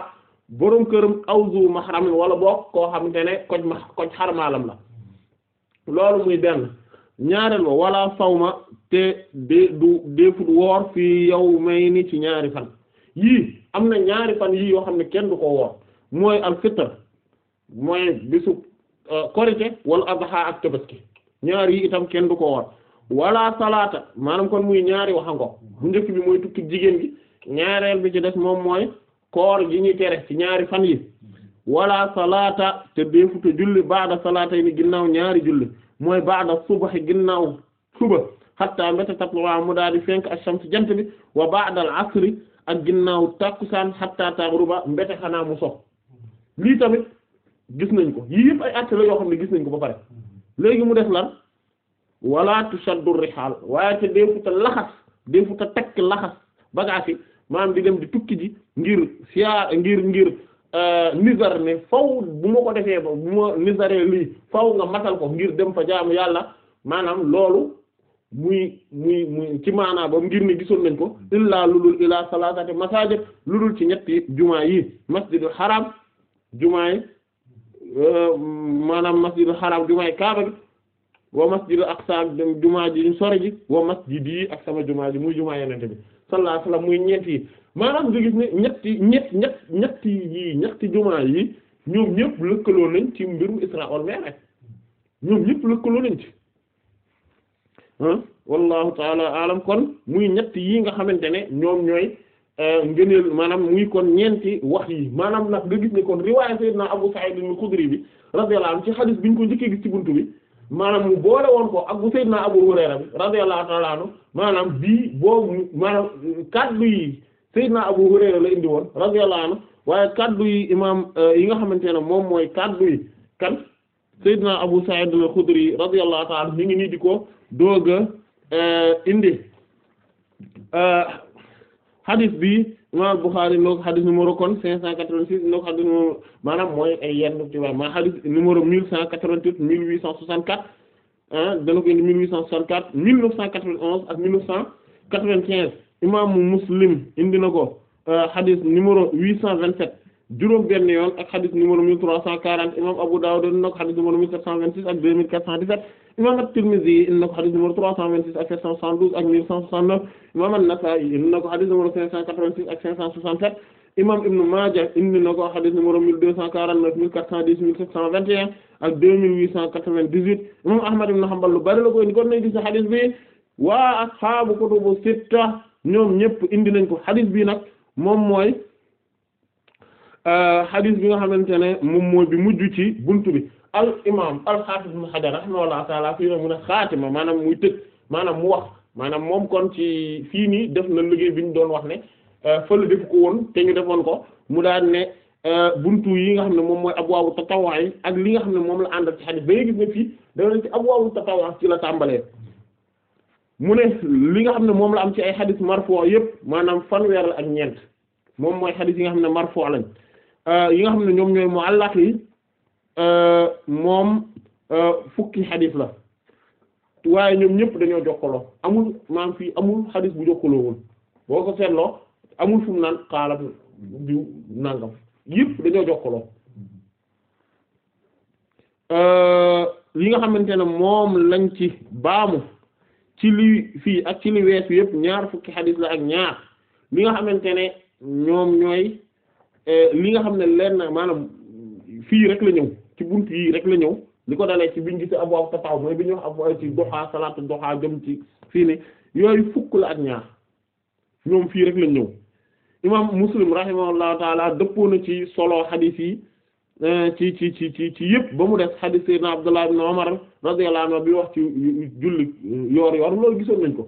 boroom këram awzu mahramin wala boog koo xam xamante ne koj ma koj xarmaalam la loolu muy benn ñaareel ba wala ma te de du defut woor fii yow may ni ci ñaari fan yii am na ñaari fan yii yoo xam ne kenn du ko woor mooy al fitr mooy bisu euh, korite wala adha ak tabaski ñaar yi itam kenn du ko woor walaa salaata maanaam kon muy ñaari waxa ngo bu njëkk bi mooy tukki jigéen gi ñaareel bi ci des moom mooy koor gi ñuy tere ci ñaari fan yi wala salaata te deefuta julli baada salaata yi ni ginnaaw ñaari julli mooy baada subaxi ginnaaw suba xatta mbéta tatluwaa mu daal di fenk ash-shams jant bi wa baadal asri ak ginnaaw takkusaan xatta taghruba mbéte xanaa mu sox lii tamit gis nañ ko yii yëpp ay acte la yoo xam ne gis nañ ko ba pare léegi mu def lan wala tushaddu rihaal waaye te deefuta laxas deefuta takk laxas bagaasi maanaam di dem di tukki ji ngir siyaa ngir ngir euh, nizar ne faw bu ma ko defee ba bu ma nizaree lii faw nga matal ko ngir dem fa jaamu yàlla maanaam loolu muy muy muy ci maanaa ba ngir ni gisoon nañ ko illaa ludul masaa salaasati lu dul ci ñetti jumaa yi masjidul haram jumaay euh, maanaam masjidul haram jumaay kaaba gi wa masjidul aqsa jumaa ji sore ji wa masjid yi ak sama jumaa ji muy jumaa yenente bi sallallahu alayhi muy ñeent maanaam nga gis ne ñetti ñett ñett ñetti yi ñetti jumaa yi ñoom ñëpp lëkkaloo nañ ci mbirum Isra wal Mi'raj ñoom ñëpp lëkkaloo nañ ci ah wallahu taala kon muy ñetti yi nga xamante ne ñoom ñooy euh, ngëneel maanaam muy kon ñeenti wax yi maanaam nag nga gis ne kon riwaaya Sayyidina Abu Sa'id al-Khudri bi radiyallahu anhu ci hadith ko njëkkee gis ci buntu bi maanaam mu boole woon ko ak bu Seydina Abu Hurayra bi radiyallahu ta'ala anhu maanaam bii boobu maanaam kaddu yi Seydina Abu Hurayra la indi woon radiyallahu anhu waaye kaddu yi imaam euh, yi nga xamante ne moom mooy kaddu yi kan Seydina Abu Sa'id al-Khudri radiyallahu ta'ala anhu mi ngi nii ko doog euh, indi euh, hadith bi. imam Bukhari noo xadis numéro kon cinq cent quatre-vingt-six noo xadis numéro maanaam mooy ay yenn ci maa xadis numéro mille cent quatre-vingt-huit mille huit cent soixante-quatre ah, dana ko indi mille huit cent soixante-quatre mille neuf cent quatre-vingt-onze ak mille neuf cent quatre-vingt-quinze imaamu Muslim indi na ko euh, xadis numéro huit cent vingt-sept juróom benn yoon ak xadis numéro mille trois cent quarante imam Abu Dawud indi na ko xadis numéro mille imam at-Tirmidhi indi na ko xadis numéro 326 ak 772 ak 1169 imam an-Nasa'i indi na ko xadis numéro 586 ak 567 imam Ibn Maaja indi na ko xadis numéro 1249 1410 1721 ak 2898 imam Ahmad ibn Hanbal lu bari la ko indi kon nañ gis xadis bi waa ashaabu kutubu sitta ñoom ñëpp indi nañ ko xadis bi nag moom mooy euh, xadis bi nga xamante ne moom mooy bi mujj ci buntu bi al imam al hafiz ibn Hajar rahimahullahu ta'ala fii na mu ne xaatima maanaam muy tëj maanaam mu wax maanaam moom kon ci fii nii def na liggéey bi ñu doon wax ne euh, fële def ko woon te ñu defoon ko mu daan ne euh, buntu yi nga xam ne moom mooy abwaabu tatawwaay ak li nga xam ne moom la àndal ci xadis ba gis ne fii dafa ci la tàmbalee mu ne nga xam ne moom la am ci ay xadis marfu' yëpp maanaam fanweer la ak ñeent moom mooy xadis yi nga xam ne marfu' lañ euh, yi xam ne ñoom ñooy mu'allaq yi Euh, moom euh, fukki xadis la waaye ñoom ñëpp dañoo jokkaloo amul maam fi amul xadis bu jokkaloowul boo ko seetloo amul fu mu naan xaala diw nangam yëpp dañoo jokkaloo euh, li nga xamante ne moom lañ ci baamu ci li fii ak ci li weesu yëpp ñaar fukki xadis la ak ñaar li nga xamante ne ñoom ñooy li nga xam ne leen na maanaam fii rek la ñëw ci bunt yi rek la ñëw li ko dalee ci biñ gisee abwaabu tatawwu mooy bi ñuy wax abwaabu ci duha salaatu duha jëm ci fii ni yooyu fukk la ak ñaar ñoom fii rek la ñëw imam muslim rahimahullahu taala dëppoo na ci solo xadiis yi eh, ci ci ci ci ci yëpp ba mu des xadiis sayyidina Abdullah ibn Umar radiyallahu anhu bi wax ci julli yoor yoor loolu gisoon nañ ko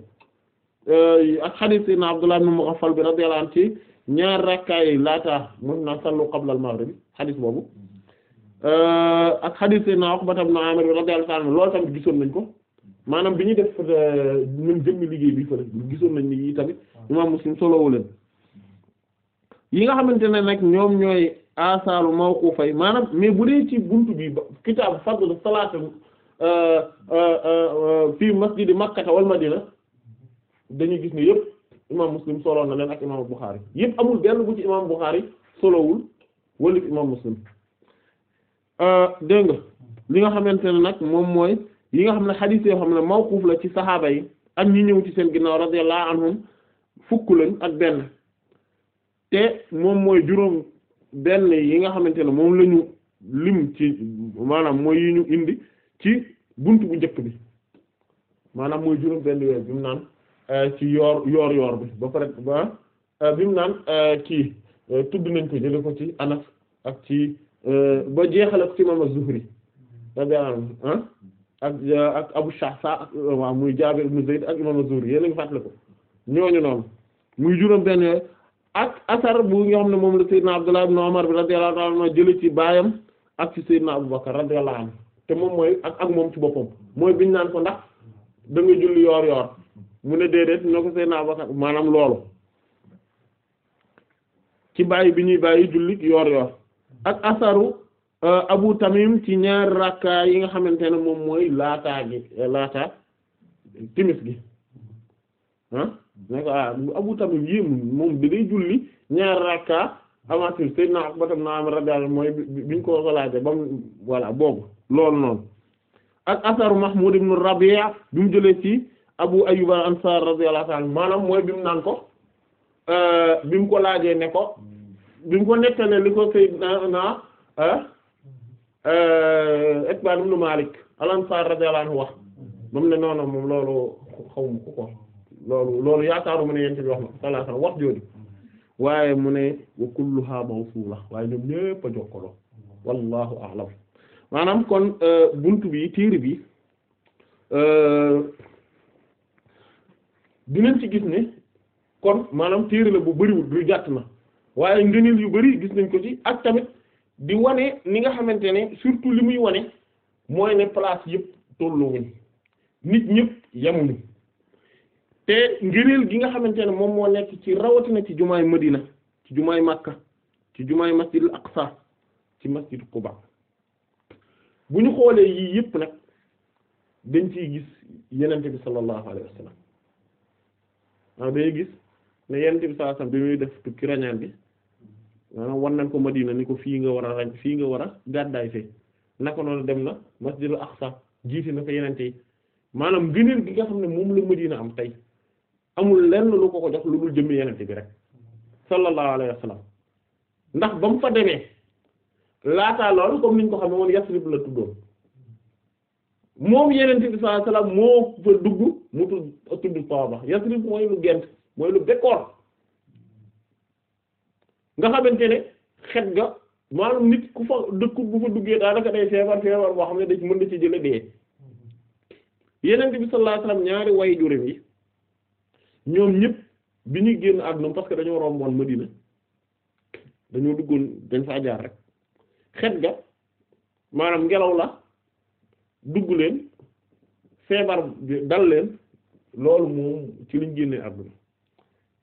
eh, ak xadiis sayyidina Abdullah ibn Mughaffal bi radiyallahu anhu ci ñaar rakkaay laata mun na sallu qabla al maghrib xadiis boobu Euh, ak xadiis Seydina Uqbata ibn Amir radiyallahu anhu loolu tamit gisoon nañ ko maanaam bi ñuy def euh, ñun jëmmi liggéey bi fële gisoon nañ ni yi tamit imaam Muslim solowu yi nga xamante ne nag ñoom ñooy asaalu mawqufa yi maanaam mais bu dee ci buntu bi kitaabu fadl salaat euh, fii masjidi makkata wal madina dañuy gis ne yëpp imaam Muslim solo na leen ak imaam Bukhari yëpp amul benn bu ci imaam Bukhari solowul wala imaam Muslim Euh, dégg nga li nga xamante ne nag moom mooy yi nga xam ne xadiis yoo xam ne mawquuf la ci saxaaba yi ak ñi ñëw ci seen ginnaaw radiyallahu anhum fukk lañ ak benn te moom mooy juróom benn yi nga xamante ne moom lañu ñu lim ci maanaam mooy yi ñu indi ci bunt bu njëkk bi maanaam mooy juróom benn weer bi naan euh, ci yoor yoor yoor bi ba pare ba euh, bi mu naan kii tudd nañ ko jële ci Anas ak ci Euh, ba jeexal ak ci imam az-Zuhri radiyallahu anhu ah, ak ak Abu Shahsa ak muy Jaabir ibn Zayd ak imam az-Zuhri yéen a ngi fàttali ko ñooñu noonu muy juróom benn yooyu ak asar bu nga xam ne moom la Seydina Abdullah ibn Umar bi radiyallahu ta'ala jële ci baayam ak ci Seydina Abu Bakar radiyallahu anhu te moom mooy ak ak moom ci boppam mooy biñ naan ko ndax da nga julli yoor yoor mu ne déedéet ñoo ko Seydina Abu Bakar maanaam loolu ci bàyyi bi ñuy bàyyi julli yoor yoor ak asaru euh, Abu Tamim ci ñaari rakka yi nga xamante ne moom mooy laataa gi euh, laata timis gi ah ne Abu Tamim yi moom da day julli ñaari rakka avant timis Seydina Uqbata ibn Amir radiyallahu mooy biñ ko ko laajee ba mu voilà boobu loolu noonu ak asaru Mahmud ibn Rabi'a bi mu jëlee ci Abu Ayyub al-Ansari radiyallahu ta'ala maanaam mooy bi mu naan ko euh, bi mu ko laajee ne ko. bi mu ko nettalee li ko sayyidna Itbaan ah, eh, ibn Maalik al-Ansaar radiyallahu anhu wax moom ne noonu moom loolu xaw ma ko loolu loolu yaakaaru mu ne yent bi wax na wax jooju waaye mu ne wa kulluha mawsuula waaye ñoom ñépp a jokkaloo wallahu a'lam maanaam kon eh, buntu bi téere bi eh, dinañ ci gis ne kon maanaam téere la bu bariwul du jàtt na waaye ngëneel yu bari gis nañ ko ci ak tamit di wane ni nga xamante ne surtout li muy wane mooy ne place yëpp tolluwuñ nit ñëpp yemuñu te ngëneel gi nga xamante ne moom moo nekk ci rawatina ci jumaa jumaay Madina ci jumaay Makka ci jumaay masjidul Aqsa ci masjid Quba bu ñu xoolee yii yëpp nag dañ ciy gis yenente bi sallallahu alayhi wa sallam waaw dañuy gis ne yenente bi sallallahu alayhi def tukki rañaan bi maanaam ah, wan nañ ko Madina ni ko fii nga war a rañ fii nga war a gàddaay fee naka noonu dem na masjidul Aqsa jiite na fa yenente yi maanaam gëneel gi nga xam ne moom la Madina am tey amul lenn lu ko ko jox lu dul jëmmi yenente bi rek sallallahu alayhi wa ndax ba mu fa demee laataa lool comme niñ ko xam ne woon Yasrib la tuddoon moom yenente bi sallallahu alayhi moo fa dugg mu tudd tudd Taaba Yasrib mooy lu gent mooy lu bekkoor nga xamante ne xet ga maanaam nit ku fa dëkku bu fa duggee daanaka day feebar feebar boo xam ne dañ mën na ci jële dee yeneen bi sallallahu alayhi wasallam ñaari way juróom yi ñoom ñëpp bi ñuy génn àdduna parce que dañoo romboon Madina dañoo duggoon dañ fa jaar rek xet ga maanaam ngelaw la dugg leen feebar dal leen loolu moom ci liñ génnee àdduna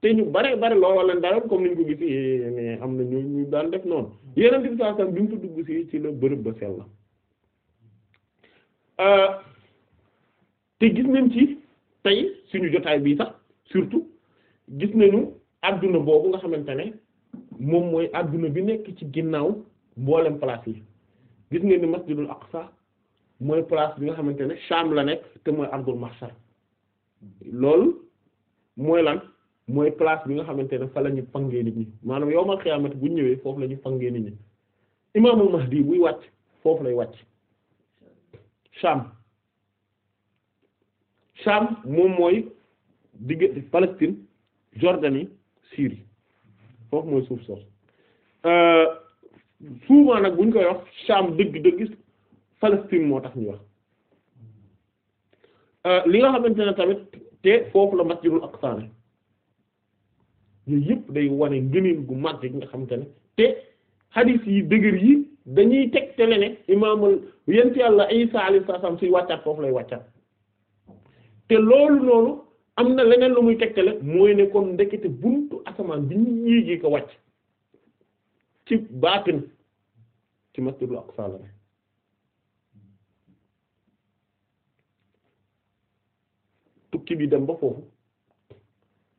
te ñu bare bare looloo leen dara comme niñ ko gisi mais am na ñu ñu daal def noonu yeneen bi saa saa bi mu fa ci la bërëb ba sell la euh, te gis ci tey suñu jotaay bii sax surtout gis nañu àdduna boobu nga xamante ne moom mooy àdduna bi nekk ci ginnaaw mboolem place yi gis ngeen ni masjidul aqsa mooy place bi nga xamante ne Sham la nekk te mooy ardul mahshar loolu mooy lan mooy place bi nga xamante ne fa la ñu fangee nit ñi maanaam yowmal xiyaamati bu ñëwee foofu la ñu fangee nit ñi imaamul mahdi buy wàcc foofu lay wàcc Sham Sham moom mooy diggante Palestine Jordanie Syrie foofu mooy suuf soos euh, souvent nag bu ñu koy wax Sham dëgg-dëgg Palestine moo tax ñu wax euh, li nga xamante ne tamit te foofu la masjidul aqsa yooyu yëpp day wane ngëneen gu màgg gi nga xamante ne te hadis yi dëgër yi dañuy tegtale ne imaamul yent yàlla Isa alayhi salaam suy wàccaat foofu lay wàccaat te loolu noonu am na leneen lu muy tegtale mooy ne kon ndekete buntu asamaan bi ñu yéegee ko wàcc ci baatin ci masjidul aqsa la tukki bi dem ba foofu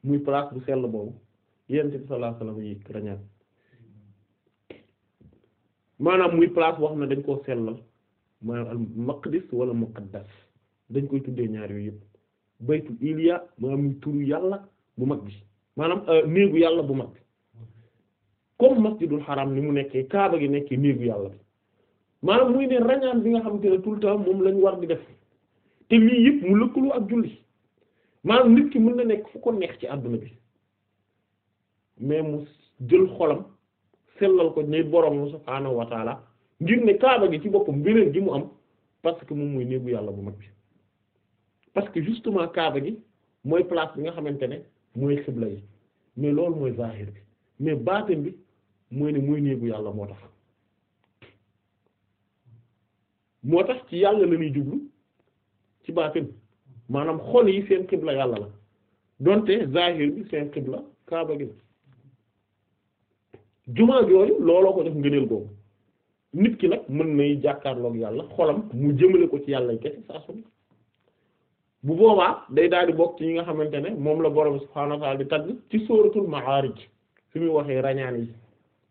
muy place bu sell boobu yéen ci sallallahu alayhi wa sallam yi rañaan maanaam muy place wax na dañ koo sellal maanaam al maqdis wala muqaddas dañ koy tuddee ñaar yooyu yëpp baytul iliya maanaam muy turu yàlla bu mag bi maanaam euh, néegu yàlla bu mag bi comme masjidul xaram ni mu nekkee kaaba gi nekkee néegu yàlla bi maanaam muy ne rañaan bi nga xam ne tout le temps moom lañ war di def te lii yëpp mu lëkkaloo ak julli maanaam nit ki mën na nekk fu ko neex ci àdduna bi mais mu jël xolam sellal ko ñëw borom subhaanahu wa taala ngir ne kaaba gi ci boppam mbireel gi mu am parce que moom muy néegu yàlla bu mag bi parce que justement kaaba gi mooy place bi nga xamante ne mooy xibla yi mais loolu mooy zahir bi mais baatin bi mooy ne mooy néegu yàlla moo tax moo tax ci yàlla la ñuy jublu ci baatin maanaam xol yi seen xibla yàlla la doonte zahir bi seen xibla kaaba gi la jumaa jooju looloo ko def ngëneel boobu nit ki nag mën nay jàkkaarloog yàlla xolam mu jëmale ko ci yàlla kese saa su bu boobaa day daal di bokk ci ñi nga xamante ne moom la borom subhaanahu wa ta'aala di tagg ci sóoratul ma'aarij fi muy waxee rañaan yi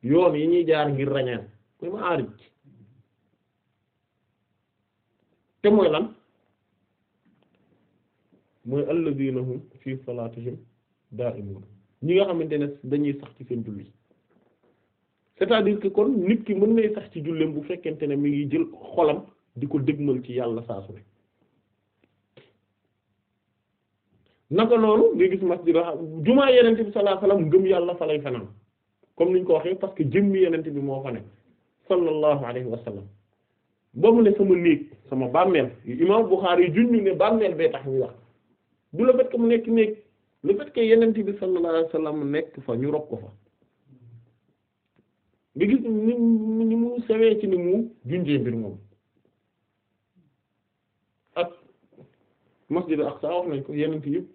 yoon yi ñuy jaar ngir rañaan mooy ma'aarij te mooy lan mooy alladhiina hum fi salaatihim daa'imuun ñi nga xamante ne dañuy sax ci seen julli c'est-à-dire que kon nit ki mën na sax ci julleem bu fekkente ne mi ngi jël xolam di ko dégmal ci yàlla saa su loolu ngay gis masjid jumaa yenente bi sallallahu alayhi wasallam ngëm yàlla fa lay fanaan comme niñ ko waxee parce que jëmmi yenente bi moo fa ne sallallahu alayhi wasallam ba sama néeg sama bàmmeel imam Bukhari junñu ne mu nekk néeg le fait que yenente bi sallallahu alayhi nekk fa ñu rob ko fa nga gis ni ni mu sewee ci ni mu junjee mbir moom ak masjid al-Aqsa wax nañ ko yeneen yëpp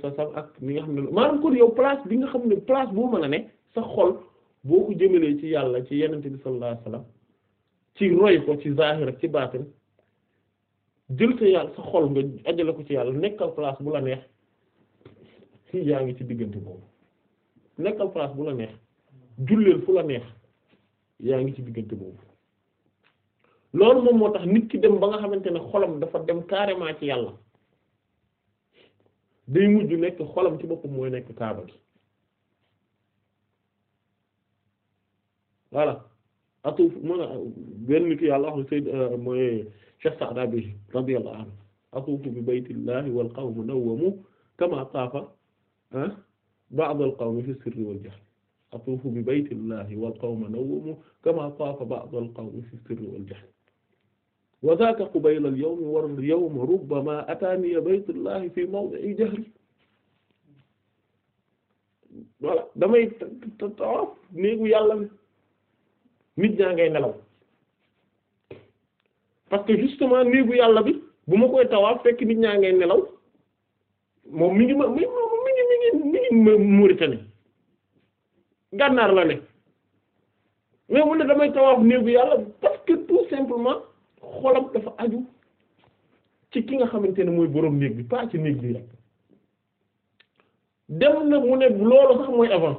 sa sax ak ni nga xam ne maanaam kon yow place bi nga xam ne place boo mën a ne sa xol boo ko jëmalee ci yàlla ci yeneen bi sallallahu alayhi wasallam ko ci zahir ak ci baatin jël sa sa xol nga ajale ko ci yàlla nekkal place bu la neex yaa ngi ci diggante boobu nekkal place bu la neex julleel fu la neex yaa ngi ci diggante boobu loolu moom moo tax nit ki dem ba nga xamante ne xolam dafa dem carrément ci yàlla day mujj nekk xolam ci boppam mooy nekk kaaba gi voilà atuuf mën a benn ki yàlla wax sayd euh, mooy Cheikh Saada bi radiyallahu anhu atuufu bi baytillahi wal qawmu nawwamu kama taafa ba'd al qawmi fi sirri wal atuufu bi baytillahi wal qawma nawwamu kama taafa ba'dul qawmi fi sirri wal jahl damay tawaaf oh, néegu yàlla bi ngay nelaw parce que justement néegu yàlla bi bu ma koy tawaaf fekk nit ngay nelaw moom mi ngi ma gànnaar la ne mais mu ne damay tawaaf bi yàlla parce que tout simplement xolam dafa aju ci ki nga xamante ne mooy boroom néeg bi pas ci néeg bi rek dem na mu ne loolu sax mooy avant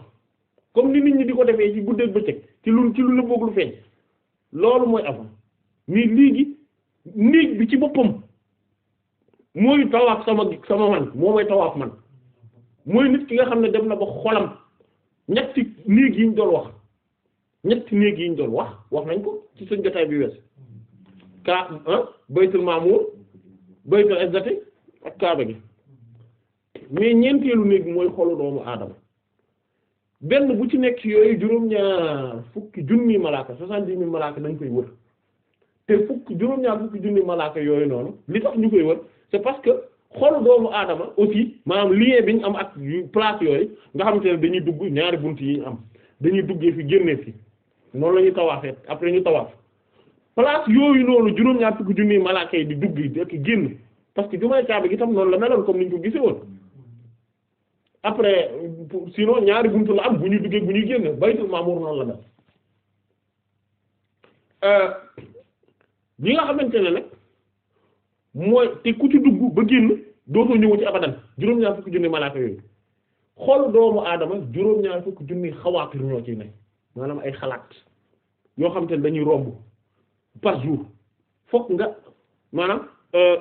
comme ni nit ñi di ko defee ci guddeeg bëccëg ci lu ci lu lu feeñ loolu mooy avant mais léegi néeg bi ci boppam mooy tawaaf sama sama man moo may tawaaf man mooy nit ki nga xam ne dem na ba xolam ñetti néeg yi ñu doon wax ñetti néeg yi ñu doon wax wax nañ ko ci suñ jotaay bi wees ka ah, baytul maamur baytul izzati ak kaaba gi mais ñeenteelu néeg mooy xolu doomu aadama benn bu ci nekk yooyu juróom-ñaar fukki junni malaaka soixante-dix mille malaaka dañ koy wër te fukki juróom-ñaar fukki junni malaaka yooyu noonu li tax ñu koy wër c'est parce que xolu doomu aadama aussi maanaam lien bi ñu am ak place yooyu nga xam ne dañuy dugg ñaari bunt yi am dañuy duggee fi génnee fi noonu la ñuy tawaafee après ñu tawaaf place yooyu loolu juróom-ñaar fukki junni malaaka di dugg yi ak génn parce que jumaay Kaaba gi tam noonu la meloon comme ni ñu ko gisee woon après sinon ñaari buntu la am bu ñuy duggee bu ñuy génn baytul maamuur noonu la mel euh, ñi nga xamante ne nag mooy te ku ci dugg ba génn dootoo ñëw ci abadan juróom-ñaar fukki junni malaaka yooyu xol doomu aadama juróom-ñaar fukki junni xawaatir ñoo ciy ne maanaam ay xalaat yoo xam te ne dañuy romb par jour nga maanaam euh,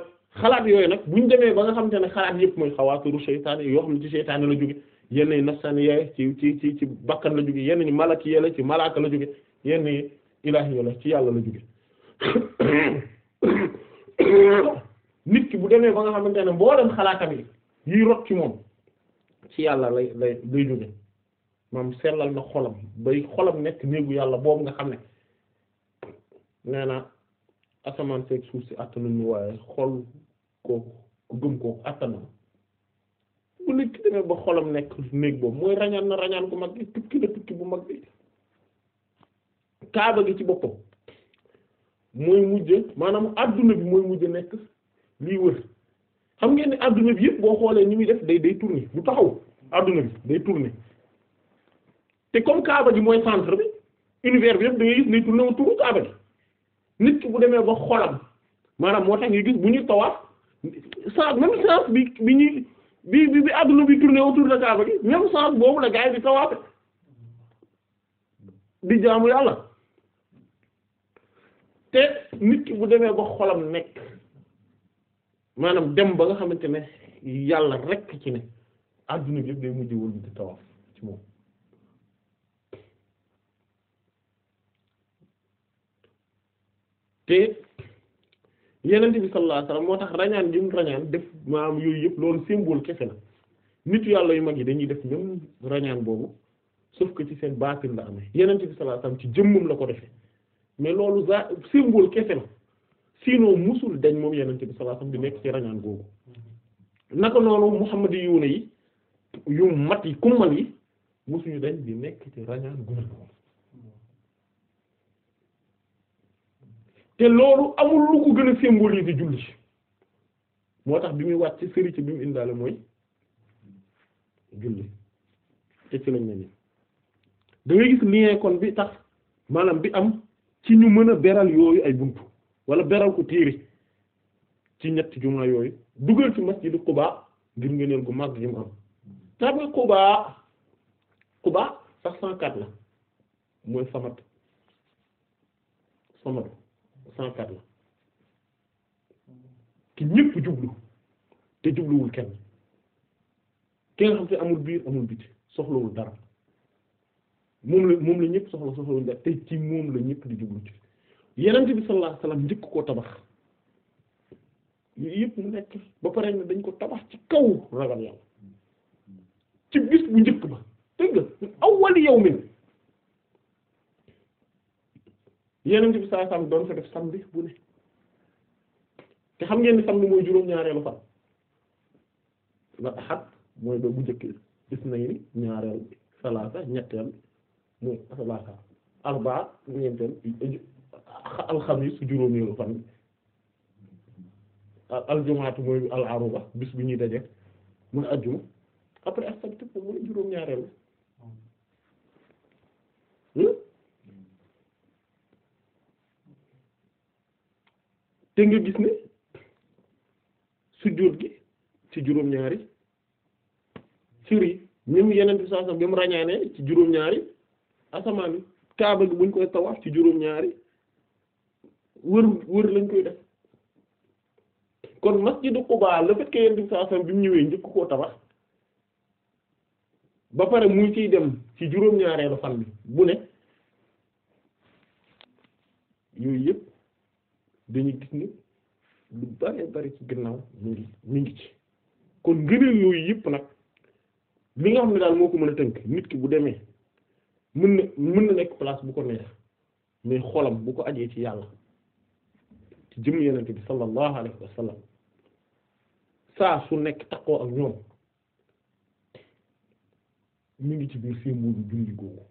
yooyu nag buñ demee ba nga xam te ne xalaat yëpp mooy xawaatiru seytaane yoo xam ne ci seytaane la jóge yenn yi nafsaan ci ci ci ci bakkan la jóge yenn ñi malaki yella ci malaaka la jóge yenn yi ilaahi la ci yàlla la jóge (coughs) (coughs) nit ki bu demee ba nga xamante ne mboolem xalaatam yi yiy rot moom ci yàlla lay lay lay jóge moom sellal na xolam bay xolam nekk néegu yàlla boobu nga xam ne nee na asamaan seeg suuf si àttanuñu waaye xol ko ku gëm ko àttanu bu nit ki demee ba xolam nekk néeg boobu mooy rañaan na rañaan bu mag bi tukki na tukki bu mag bi kaaba gi ci boppam mooy mujj maanaam àdduna bi mooy mujj nekk lii wër xam ngeen ne àdduna bi yëpp boo xoolee ñu muy def day day tourner bu taxaw adduna bi day tourner te comme Kaaba gi mooy centre bi univers bi yëpp da ngay gis day tourner wu turu Kaaba gi nit ki bu demee ba xolam maanaam moo tax nga gis bu ñuy tawaaf sens même sens bi bi ñuy bi bi bi adduna bi tourner autour de Kaaba gi même sens boobu la gaa yi di tawaaf di jaamu yàlla. te nit ki bu demee ba xolam nekk maanaam dem ba nga xamante ne yàlla rekk ci ne adduna bi yëpp day mujj wul di tawaf ci te yenent bi sallallahu moo tax rañaan jum rañaan def maanaam yooyu yëpp loolu symbole kese la nit yàlla yu mag yi dañuy def ñoom rañaan boobu sauf que ci seen baatin la amee yenent bi sallallahu ci jëmmum la ko defee mais loolu za symbole kese la sinon musul dañ moom yenente bi sallallahu alayhi di nekk ci rañaan googu naka noonu muhammad yuuna yi yu mat yi kummal yi musuñu dañ di nekk ci rañaan googu te loolu amul lu ko gën a symboliser julli moo tax bi muy wàcc sëriñ bi mu indaale mooy julli te ci lañ ne ni da ngay gis lien bi tax maanaam bi am ci ñu mën a beral yooyu ay bunt wala beral ko téere ci ñetti jumaa yooyu dugal ci masjidu Quba ngir ngëneel gu mag yu mu am tamit Quba Quba 704 la mooy Samad Samad 104 la ki ñépp jublu te jubluwul kenn ki nga xam te amul biir amul biti soxlawul dara. moom la moom la ñëpp soxla soxla wuñ te ci moom la ñëpp di jublu ci yenente bi sallallahu njëkk koo tabax yooyu yëpp mu nekk ba pare ne dañ ko tabax ci kaw ragal yàlla ci bis bu njëkk ba dégg nga awwal yawmin yenente bi sallallahu alayhi wasallam doon fa def samedi bu ne te xam ngeen ni samedi mooy juróom-ñaareelu fan la ahad mooy doo bu njëkk isnayni ñaareel salaasa ñetteel muy asalaasa arbaa ñeenteel alxamis juróomeelu fan aljumaatu mooy al aruba bis bi ñuy daje a ajjuma après as-sabt mooy juróom-ñaareel hmm? te nga gis ne sujjóot gi ci juróom-ñaari suri même yeneen bi saa sax bi mu ràññaanee ci juróom-ñaari asamaan bi kaaba gi buñ koy tawaaf ci juróom ñaari wër wër lañ koy def kon masjidu Quba le fait que yéen di saa bi mu ñëwee njëkk koo tabax ba pare muy ciy dem ci juróom-ñaareelu fan bi bu ne yooyu yëpp dañuy gis ni lu bare bari ci ginnaaw mu ngi mu ngi ci kon ngëneel yooyu yëpp nag li nga xam ne daal moo ko mën a tënk nit ki bu demee mën na mën na nekk place bu ko neex mais xolam bu ko ajee ci yàlla ci jëm yenente bi sallallahu alayhi wa saa su nekk takkoo ak ñoom mi ngi ci biir symbole julli googu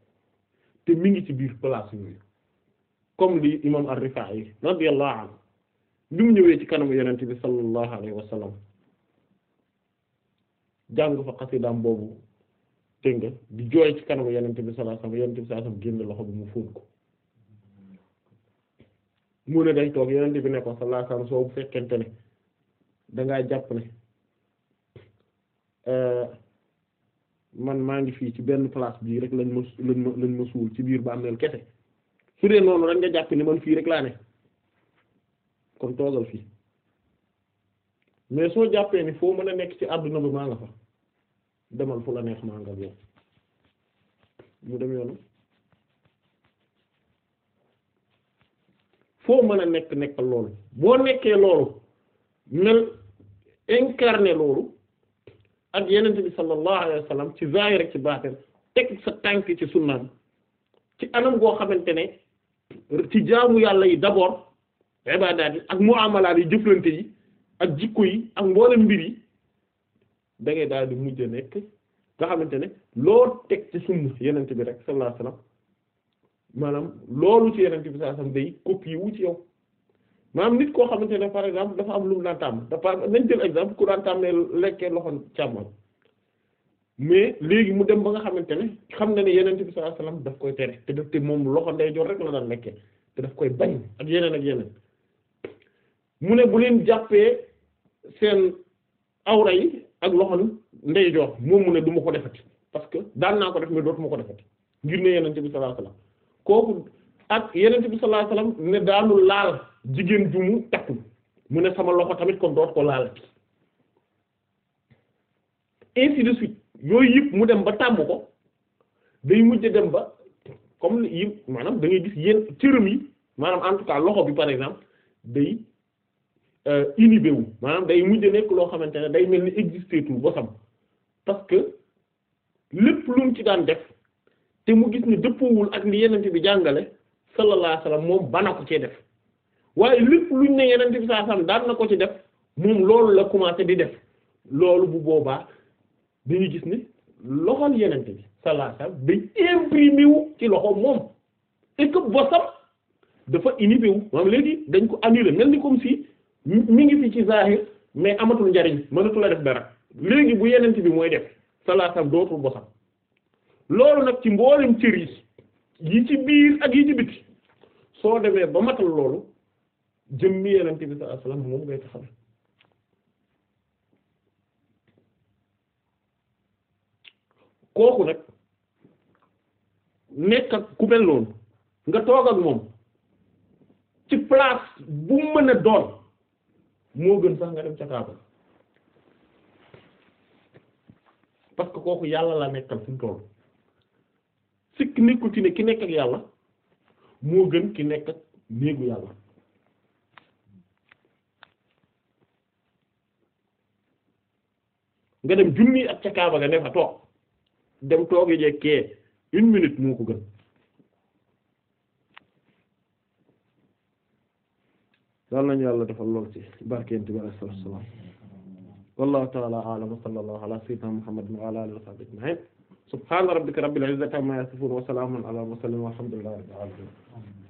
te mi ngi ci biir place yooyu comme li imam ar-Rifa'i radiyallahu anhu bi mu ñëwee ci kanamu yenente bi sallallahu alayhi wa sallam jàng fa xasidaam boobu dégg di jooy ci kanamu yonent bi génn loxo bi mu fóon ko mu toog yonent bi ne bu fekkente ne dangaa jàpp ne euh, man maa ngi fii ci benn place bii rek lañ ma suul ci biir bàmmeel kese su dee noonu rek nga jàpp ni man fii rek laa ne kon toogal fii mais soo jàppee ni foo mën a nekk ci àdduna bi maa nga fa demal fu la neex maa nga yow mu dem yoonu foo mën a nekk nekkal loolu boo nekkee loolu mel incarné loolu ak yenente bi sallallahu alayhi wa ci zahir rek ci baatin teg sa tànk ci sunnaam ci anam goo xamante ne ci jaamu yàlla yi d'abord ibadaat yi ak muamalaat yi jëflante yi ak jikko yi ak mboolem mbir yi dangay daal di mujj nekk nga xamante ne loo teg ci sunna yenent bi rek sallallahu alayhi wasallam maanaam loolu ci yenent bi sallallahu alayhi wasallam day copie wu ci yow maanaam nit koo xamante ne par exemple dafa am lu mu daan tàmm dafa nañ jël exemple ku daan tàmm ne lekkee loxo càmmoñ mais léegi mu dem ba nga xamante ne xam na ne yenent bi sallallahu alayhi wasallam daf koy tere te daf te moom loxo ndeyjoor rek la daan lekkee te daf koy bañ ak yeneen ak yeneen mu ne bu leen jàppee seen awra yi ak loxo loxoom ndeyjoor moom mu ne du ma ko defati parce que daan naa ko def mais dootuma ko defati ngir ne yenente bi sallallahu alayhi kooku ak yenente bi sallallahu alayhi ne daanu laal jigéen ju mu takku mu ne sama loxo tamit ko doot ko laal ainsi de suite yooyu yëpp mu dem ba tàmm ko day mujj dem ba comme yi maanaam da ngay gis yéen cëram yi maanaam en tout cas loxo bi par exemple day Euh, inhibé wu maanaam day mujj nekk loo xamante ne day mel ni existé tout bosam parce que lépp lu ci daan def te mu gis ni dëppoowul ak li yenente bi jàngale sallallahu alayhi wasallam moom bana ko cee def waaye lépp luñ ne yenente bi sallallahu alayhi wasallam na ko ci def loolu la commencé di def loolu bu boobaa dañu gis ni loxol yenente bi sallallahu ci loxo moom et que bosam dafa inhibé wu maanaam léegi dañ ko annulé mel ni comme si mi ngi fi ci zahir mais amatul njariñ mënatu def dara léegi bu yenent bi mooy def salaatam dootul bosam loolu nag ci mboolem cër yi yi ci biir ak yi ci biti soo demee ba matal loolu jëmmi yenent bi sallallahu alayhi wasallam moom ngay kooku nag nekk ak ku mel noonu nga toogal ak moom ci place bu mën a doon moo gën sax nga dem ca Kaaba parce que kooku yàlla la nekkal fi mu toll sikk nekkuti ne ki nekk ak yàlla moo gën ki nekk ak néegu yàlla nga dem junni ak ca Kaaba nga ne fa toog dem toogi jekkee une minute moo ko gën yàlla nañu yàlla defal lool ci barkeenti bi alayhi salaatu wassalaam wallahu ta'ala a'lam wa sallallahu ala sayyidina muhammadin wa ala alihi wa sahbihi ajma'in subhana rabbika rabbil izzati amma yasifun wa salamun ala mursalin walhamdulillahi rabbil alamin